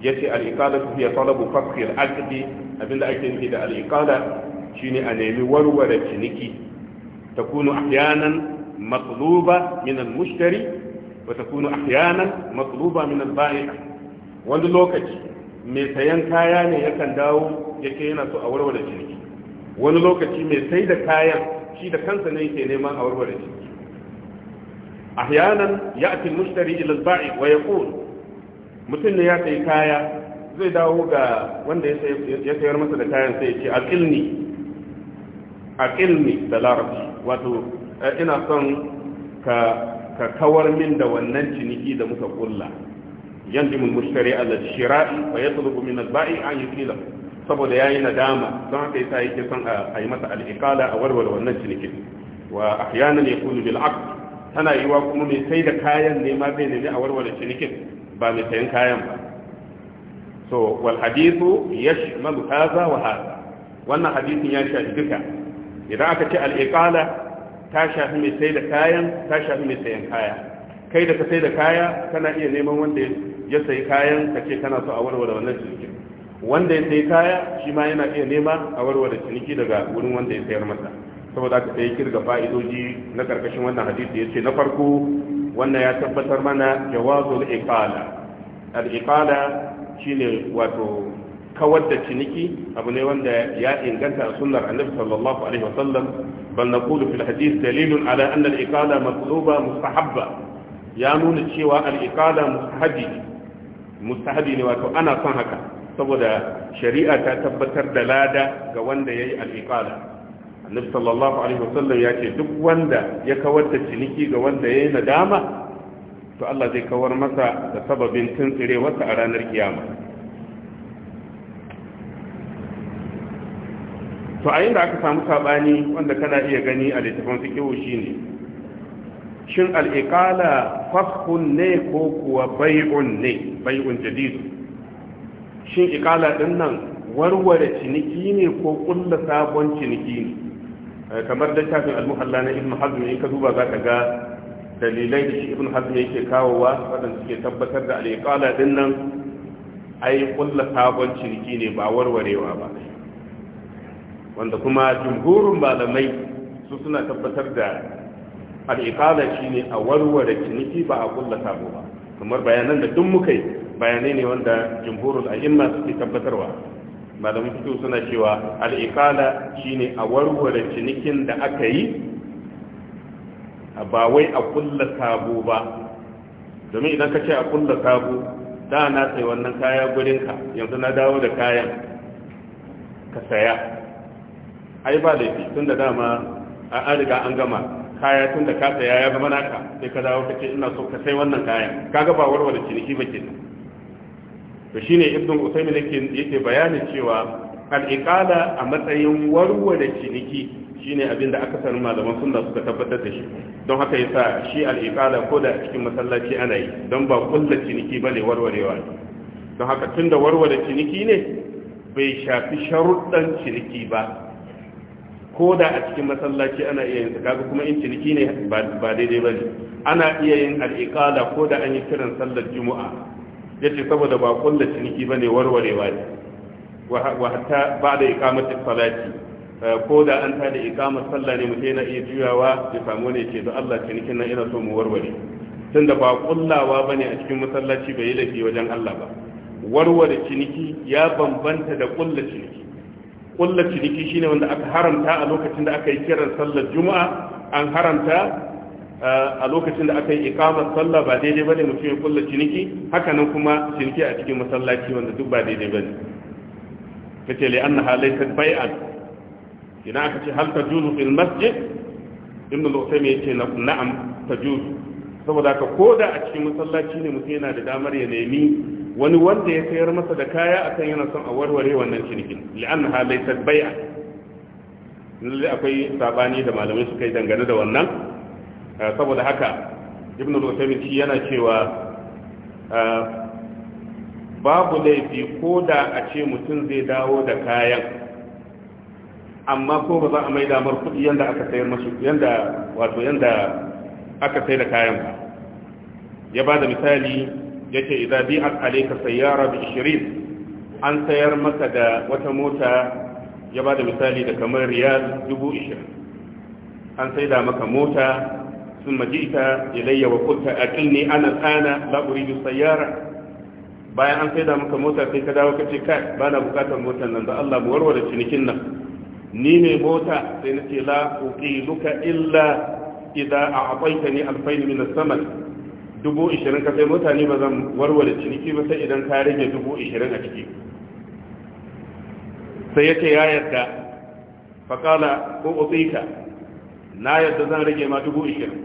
Speaker 1: ya ce al'iƙala su fiye talabu fafi al'adadi abinda ake nufi da al'iƙala shi ne a nemi warware ciniki ta kunu ahyanan matsaluba minan mushtari wa ta kunu ahyanan matsaluba minan bayan wani lokaci mai sayan kaya ne yakan dawo yake yana so a warware ciniki wani lokaci mai sai da kayan shi da kansa ne yake neman a warware ciniki A yanar ya mushtari mustari al-ba'i wa yaqul mutum ne ya sayi kaya zai dawo ga wanda ya sayar masa da kayan sai ya ce a aqilni da larabci wato eh, ina son ka kawar min da wannan ciniki da muka kulla yandimu al-mushtari ala shira'i wa yatlubu min al-ba'i an yutila saboda yayi nadama don haka yasa yake son a yi masa al-iqala a warware wannan cinikin wa ahyanan yakunu bil aqd tana yiwa kuma mai sai da kayan ne ma zai nemi a warware cinikin ba mai sayan kayan ba so wal hadithu yashmalu hadha wa hadha wannan hadisin ya shafi duka idan aka ce al-iqala ta shafi mai sai da kayan ta shafi mai sayan kaya kai da ka sai da kaya kana iya neman wanda ya sayi kayan ka ce kana so a warware wannan ciniki wanda ya sayi kaya shi ma yana iya nema a warware ciniki daga wurin wanda ya sayar masa saboda aka sai kirga fa'idoji na karkashin wannan hadisi ya ce na farko wannan ya tabbatar mana jawazul iqala al iqala shine wato kawar da ciniki abu ne wanda ya inganta a sunnar annabi sallallahu alaihi wa sallam bal naqulu fil hadith dalilun ala anna al iqala matluba mustahabba ya nuna cewa al iqala mustahabi mustahabi ne wato ana son haka saboda shari'a ta tabbatar da lada ga wanda yayi yi iqala annabi sallallahu alaihi wasallam ya ce duk wanda ya kawar da ciniki ga wanda ya yi nadama to Allah zai kawar masa da sababin tuntsirewarsa a ranar kiyama to a da aka samu sabani wanda kana iya gani a littafin fikihu shine shin al'iƙala fashun ne ko kuwa bai'un ne bai'un jadidu shin iƙala ɗin nan warware ciniki ne ko ƙulla sabon ciniki ne eh, kamar da shafin almuhalla na ibn hazmi in ka duba za ka ga dalilai da shi ibn hazmi yake kawowa waɗanda suke tabbatar da al'iƙala ɗin nan ai ƙulla sabon ciniki ne ba warwarewa ba wanda kuma jumhurin malamai su suna tabbatar da al'iƙala shi ne a warware ciniki ba a kulla sabo ba kamar bayanan da duk muka yi bayanai ne wanda jumhurul a'imma suke tabbatarwa da fito suna cewa al'iƙala shi ne a warware cinikin da aka yi ba wai a kulla sabo ba domin idan ka ce a kulla sabo da na sai wannan kaya ka, yanzu na dawo da kayan ka saya ai ba laifi tun da dama a an riga an gama kaya tun da ka saya ya zama naka sai ka dawo kace ina so ka sai wannan kayan kaga ba warware ciniki ba kenan to shine ibn usaymin yake yake bayanin cewa al-iqala a matsayin warware ciniki shine abin da aka sanu malaman sunna suka tabbatar da shi don haka yasa shi al-iqala ko da cikin masallaci ana yi don ba kullu ciniki bane warwarewa don haka tunda warware ciniki ne bai shafi sharuɗan ciniki ba ko da a cikin masallaci ana iya yin kaga kuma in ciniki ne ba daidai ba ne ana iya yin al'iƙala ko da an yi kiran sallar juma'a ya ce saboda ba kulla ciniki ba ne warwarewa ne wa hatta ba da iƙamata salati eh, ko da an ta da iƙamar sallah ne mutum yana iya juyawa ya samu ne ce da Allah cinikin nan ina so mu warware tun da ba kullawa ba ne a cikin masallaci bai yi laifi wajen Allah ba warware ciniki ya bambanta da kulla ciniki kulla ciniki shine wanda aka haramta a lokacin da aka yi kiran sallar juma'a an haramta eh, a lokacin da aka yi ikamar sallah ba daidai bane mutum ya kulla ciniki haka nan kuma ciniki a cikin masallaci wanda duk ba daidai bane kace li annaha laysat bai'an idan aka ce hal tajuzu fil masjid ibn al yace na'am tajuzu saboda ko da a cikin masallaci ne mutum yana da damar ya nemi wani wanda ya sayar masa da kaya akan yana son a warware wannan cinikin li'an ha laysa bay'a lalle akwai sabani da malamai suka yi dangane da wannan ah, saboda haka ibn al-utaymin shi yana cewa ah, babu laifi koda a ce mutum zai dawo da kayan amma ko ba za a mai damar kuɗi yanda aka sayar masu yanda wato yanda aka sai da kayan ba ya ba da misali ya ce idan bi an alaika sayyara bi 20 an sayar maka da wata mota ya ba da misali da kamar riyal 20 an sai da maka mota sun majita layyawa wa a aqilni ana tsana la uridu sayyara bayan an sai da maka mota sai ka dawo kace kai ba na bukatar mota nan da Allah mu warware cinikin nan ni ne mota sai na ce la luka, illa idza a'taytani alfayn min as-saman dubu ishirin ka sai mutane ba zan warware ciniki ba sai idan ka rage dubu ishirin a ciki sai yake ya yarda faƙala ko otsika na yarda zan rage ma dubu ishirin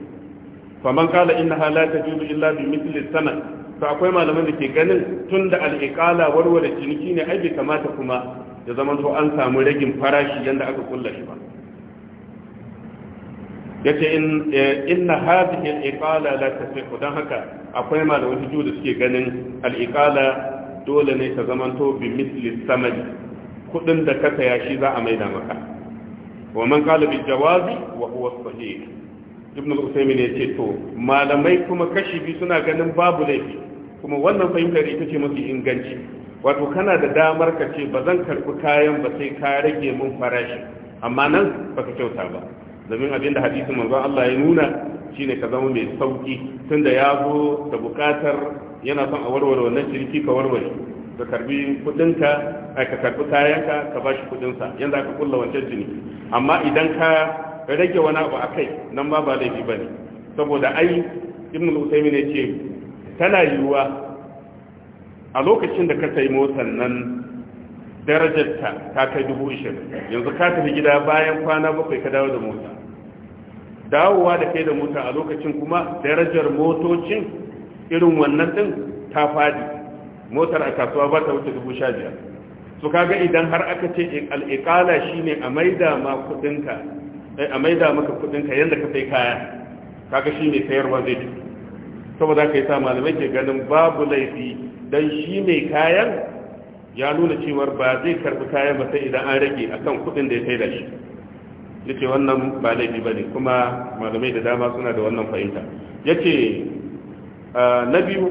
Speaker 1: faman kala inna halata juzu illa bi misli sanad to akwai malaman da ke ganin tun da al'iƙala warware ciniki ne ai bai kamata kuma da zaman to an samu ragin farashi yadda aka kulla shi ba yace in eh, inna hadhihi al-iqala la tasihu dan haka akwai malamin hujju da suke ganin al-iqala dole ne ta zamanto bi misli samadi kudin da ka saya shi za a maida maka wa man qala bil jawazi wa huwa sahih ibn al-usaymin yace to malamai kuma kashi bi suna ganin babu laifi kuma wannan fahimtar ita ce mafi inganci wato kana da damar ka ce ba zan karbi kayan ba sai ka rage mun farashi amma nan baka kyauta ba domin da hadisin manzon Allah ya nuna shine ka zama mai sauki tunda ya zo da bukatar yana son a warware wannan shirki ka warware ka karbi kudinka ka karbi kayanka ka bashi kudinsa yanzu aka kulla wancan jini amma idan ka rage wani abu akai nan ba ba laifi bane saboda ai ibn al ne ce tana yiwuwa a lokacin da ka sayi motar nan darajarta ta kai dubu ishirin yanzu ka tafi gida bayan kwana bakwai ka dawo da mota dawowa da kai da mota a lokacin kuma darajar motocin irin wannan din ta fadi motar a kasuwa ba ta wuce dubu sha biyar su kaga idan har aka ce shi ne a maida ma eh, a maida maka kudinka yadda ka sai kaya kaga shi ne sayarwa zai ci saboda ka yi sa malamai ke ganin babu laifi don shi mai kayan ya nuna cewar ba zai karbi kayan ba sai idan an rage akan kudin da ya sai da shi yace wannan ba laifi bane kuma malamai da dama suna da wannan fahimta yace na biyu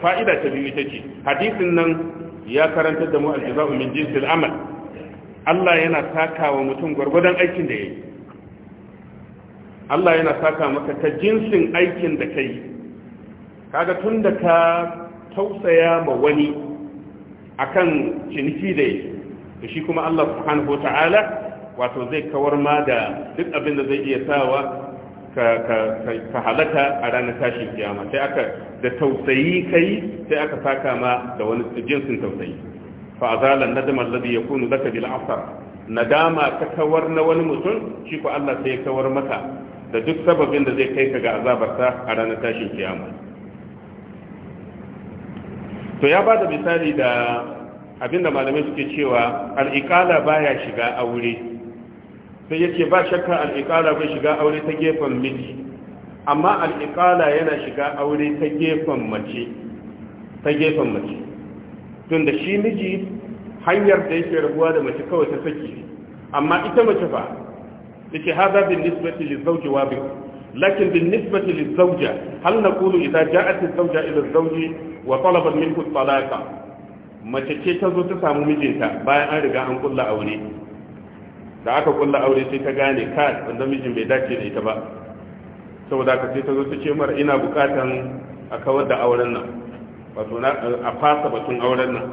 Speaker 1: fa'ida ta biyu ita ce hadisin nan ya karantar da mu aljaza'u min jinsil amal Allah yana saka wa mutum gwargwadon aikin da yayi Allah yana saka maka ta jinsin aikin da kai kaga da ka tausaya ma wani akan ciniki da yayi shi kuma Allah subhanahu ta'ala wato zai kawar ma da duk abin da zai iya sawa ka halaka a ranar tashin kiyama sai aka da tausayi kai sai aka saka ma da wani jinsin tausayi fa azala nadama alladhi yakunu laka bil asr nadama ka kawar na wani mutum shi ko Allah sai ya kawar maka da duk sababin da zai kai ka ga azabarsa a ranar tashin kiyama to ya bada misali da abinda malamai suke cewa al'iƙala baya shiga aure sai ya ce ba shakka al'iƙala bai shiga aure ta gefen miji amma al'iƙala yana shiga aure ta gefen mace ta tun da shi miji hanyar da yake rabuwa da mace kawai ta saki amma ita mace fa yake haza bin nisbati lizauji wa bi lakin bin nisbati lizauja hal naqulu idza ja'at az-zawja ila az-zawji wa talabat minhu talaqa mace ce ta zo ta samu mijinta bayan an riga an kulla aure da aka kulla aure sai ta gane ka wanda mijin bai dace da ita ba saboda ka sai ta zo ta ce mara ina bukatan a kawar da auren nan wato a fasa batun auren nan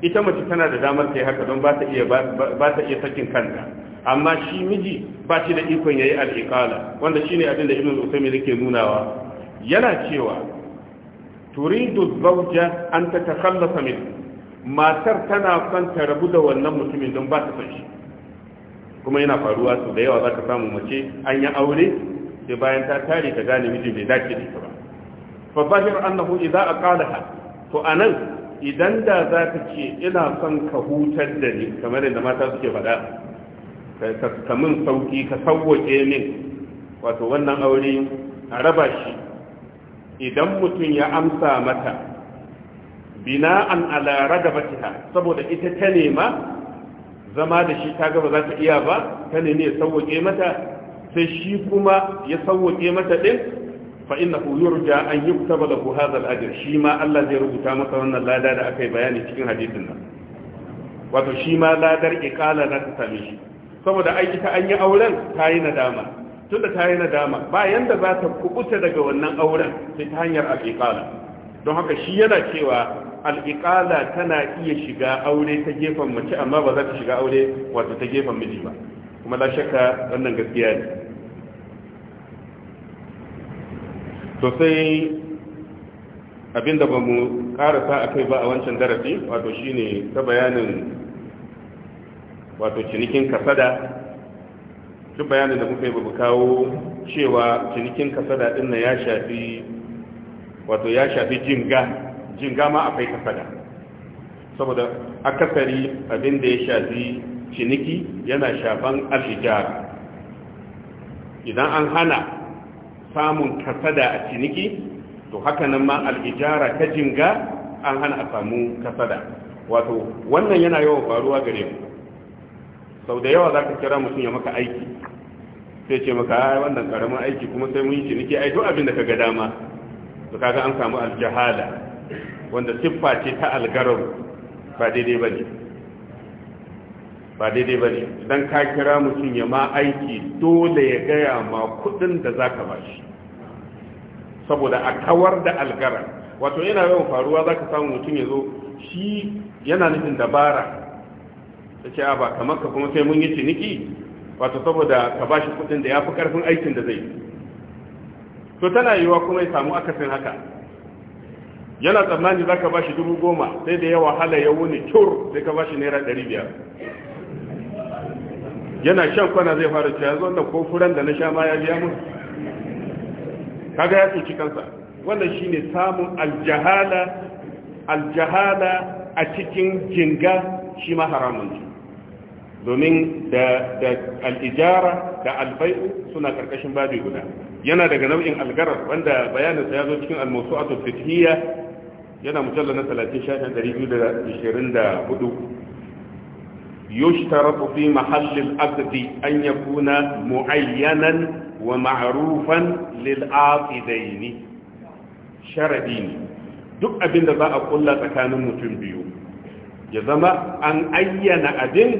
Speaker 1: ita mace tana da damar ta yi haka don ba ta iya ba sakin kanta amma shi miji ba shi da ikon yayi al-iqala wanda shine abin da ibnu usaymin yake nunawa yana cewa turidu zawja an tatakhallasa min matar tana son ta rabu da wannan mutumin don ba ta son shi kuma yana faruwa su da yawa za ka samu mace an yi aure sai bayan ta tare ta gane miji bai dace da ita ba fafahir annahu idza aqalaha to anan idan da za ta ce ina son ka hutar da ni kamar yadda mata suke faɗa ka min sauki ka sauwaƙe min wato wannan aure a raba shi idan mutum ya amsa mata bina'an ala ragabatiha saboda ita ta nema zama da shi ta gaba za ta iya ba ta ne ne sauwaƙe mata sai shi kuma ya sauwaƙe mata ɗin fa inna hu yurja an yuktaba lahu hadha al-ajr shi ma Allah zai rubuta masa wannan lada da aka yi bayani cikin hadisin nan wato shi ma ladar iqala za ta same shi saboda aiki ta an yi auren ta yi nadama tunda ta yi nadama bayan da za ta kubuta daga wannan auren sai ta hanyar al don haka shi yana cewa al'iƙala tana iya shiga aure ta gefen mace amma ba za ta shiga aure wato ta gefen miji ba kuma la shakka wannan gaskiya ne to sai abinda ba mu ƙarasa a kai ba a wancan darasi wato shi ne ta bayanin wato cinikin kasada shi bayanin da muka yi babu kawo cewa cinikin kasada ɗin na ya shafi wato ya shafi jinga jinga ma akwai kasada saboda akasari abin da ya shafi ciniki yana shafan alhijar idan an hana samun kasada a ciniki to hakanan ma alhijara ta jinga an hana a samu kasada wato wannan yana yawan faruwa gare mu sau da yawa za ka kira mutum ya maka aiki sai ce maka ai wannan karamin aiki kuma sai mun yi ciniki ai duk abin da ka ga dama to kaga an samu aljahala wanda siffa ce ta algarar ba daidai ba ne ba daidai ba ne don ka kira mutum ya ma aiki dole ya gaya ma kudin da za ka bashi saboda a kawar da algara wato yana yawan faruwa za ka samu mutum ya zo shi yana nufin dabara ta ce a ba kamar ka kuma sai mun yi ciniki wato saboda ka bashi kudin da ya fi karfin aikin da zai to tana yiwuwa kuma ya samu akasin haka yana tsammani zaka ba shi dubu goma sai da yawa wahala ya wuni cur sai ka ba shi naira ɗari biyar yana shan kwana zai fara cewa yanzu wannan ko da na sha ma ya biya mun kaga ya tsoci kansa wannan shine samun aljahala aljahala a cikin jinga shi ma haramun su, domin da al'ijara da albai'u suna karkashin babi guda yana daga nau'in algarar wanda sa ya zo cikin almusu a yana mujalla na 30 shafin 224 yushtaratu fi mahallil aqdi an yakuna muayyanan wa ma'rufan lil aqidaini sharadi ne duk abinda za a kulla tsakanin mutum biyu ya zama an ayyana abin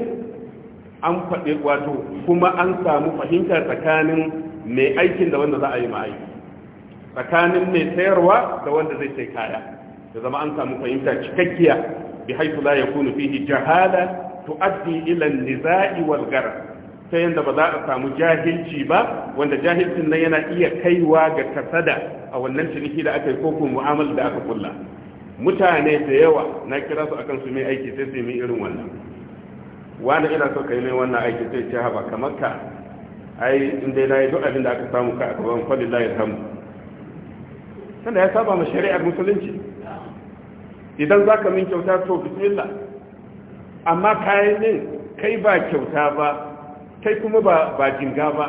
Speaker 1: an faɗi wato kuma an samu fahimta tsakanin mai aikin da wanda za a yi ma'aiki tsakanin mai sayarwa da wanda zai sai kaya da zama an samu fahimta cikakkiya bi haifu la kunu fihi jahala tu'addi ila nizai wal gharar ta yadda ba za a samu jahilci ba wanda jahilcin nan yana iya kaiwa ga kasada a wannan ciniki da aka yi ko kuma mu'amal da aka kulla mutane da yawa na kira su akan su mai aiki sai su yi irin wannan wani ina so yi mai wannan aiki sai ce haba kamar ka ai in dai na yi duk abin da aka samu ka a gaban kwalin layar hamu sanda ya saba ma shari'ar musulunci idan za ka min kyauta to bismillah amma kayan ne kai ba kyauta ba kai kuma ba ba jinga ba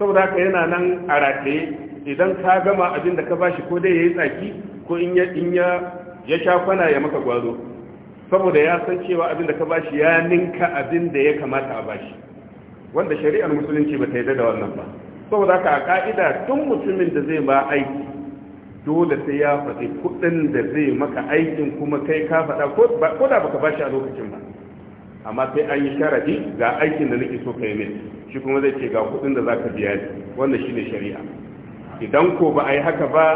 Speaker 1: saboda haka yana nan a rataye idan ka gama abin da ka bashi ko dai ya yi tsaki ko in ya sha kwana ya maka gwazo saboda ya san cewa abin da ka bashi ya ninka abin da ya kamata a bashi wanda shari'ar musulunci ba ta yi da wannan ba saboda haka a ka'ida tun mutumin da zai ba aiki dole sai ya faɗi kuɗin da zai maka aikin kuma kai ka faɗa ko da baka bashi a lokacin ba amma sai an yi sharadi ga aikin da nake so ka yi min shi kuma zai ce ga kuɗin da zaka biya ni wannan shine shari'a idan ko ba a yi haka ba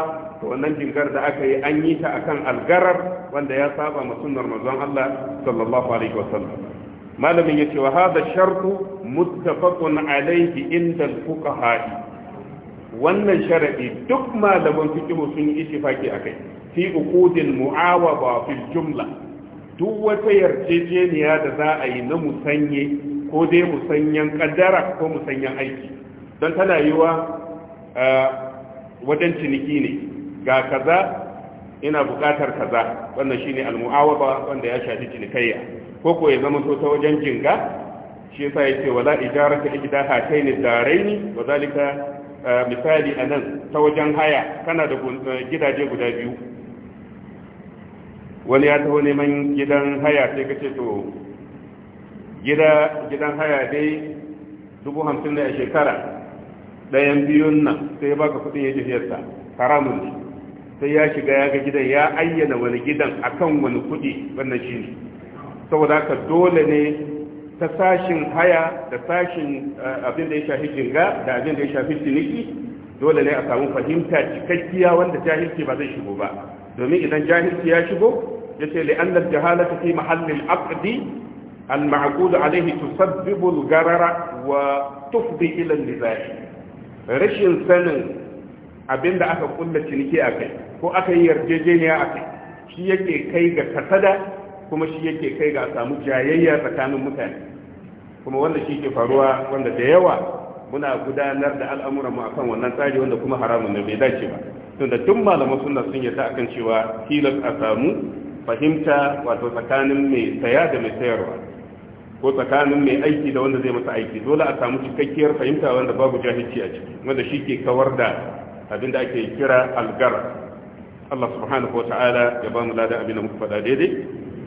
Speaker 1: to wannan jingar da aka yi an yi ta akan algarar wanda ya saba ma sunnar manzon Allah sallallahu alaihi wasallam malamin yace wa hadha shartu muttafaqun alayhi inda al-fuqaha wannan sharadi duk malaman fiqh sun yi ittifaki akai fi uqudil mu'awaba fil jumla duk wata yarjejeniya da za a yi na musanye ko dai musanyen kaddara ko musanyen aiki don tana yiwa wajen ciniki ne ga kaza ina bukatar kaza wannan shine almu'awaba wanda ya shafi cinikayya ko ko ya zama ta wajen jinga shi yasa yake wala ijarata ihda kaini daraini wa zalika Eh, misali a nan ta wajen haya kana da eh, gidaje guda biyu wani ya taho neman gidan haya sai ka ce to gidan haya dai dubu hamsin da shekara ɗayan biyun nan sai ya baka kudin ya jifiyarsa haramun ne sai ya shiga ya ga gidan ya ayyana wani gidan akan wani kudi wannan shi ne saboda haka dole ne ta sashin haya da sashin eh, abin da ya shafi jinga da abin da ya shafi ciniki dole ne a samu fahimta cikakkiya wanda jahilci ba zai shigo ba domin idan jahilci ya shigo ya ce li'an da jahala fi mahallin aqdi al-ma'qud alayhi tusabbibu al-garara wa tufdi ila al rashin sanin abin da aka kulla ciniki akai ko aka yi yarjejeniya akai shi yake kai ga kasada kuma shi yake kai ga samu jayayya tsakanin mutane kuma wanda shi ke faruwa wanda da yawa muna gudanar da al'amuranmu akan wannan tsari wanda kuma haramun ne bai dace ba tunda tun malaman sunna sun yarda akan cewa tilas a samu fahimta wato tsakanin mai saya da mai sayarwa ko tsakanin mai aiki da wanda zai masa aiki dole a samu cikakkiyar fahimta wanda babu jahilci a ciki wanda shi ke kawar da abin da ake kira algara Allah subhanahu wa ta'ala ya ba mu ladan abin da muka faɗa daidai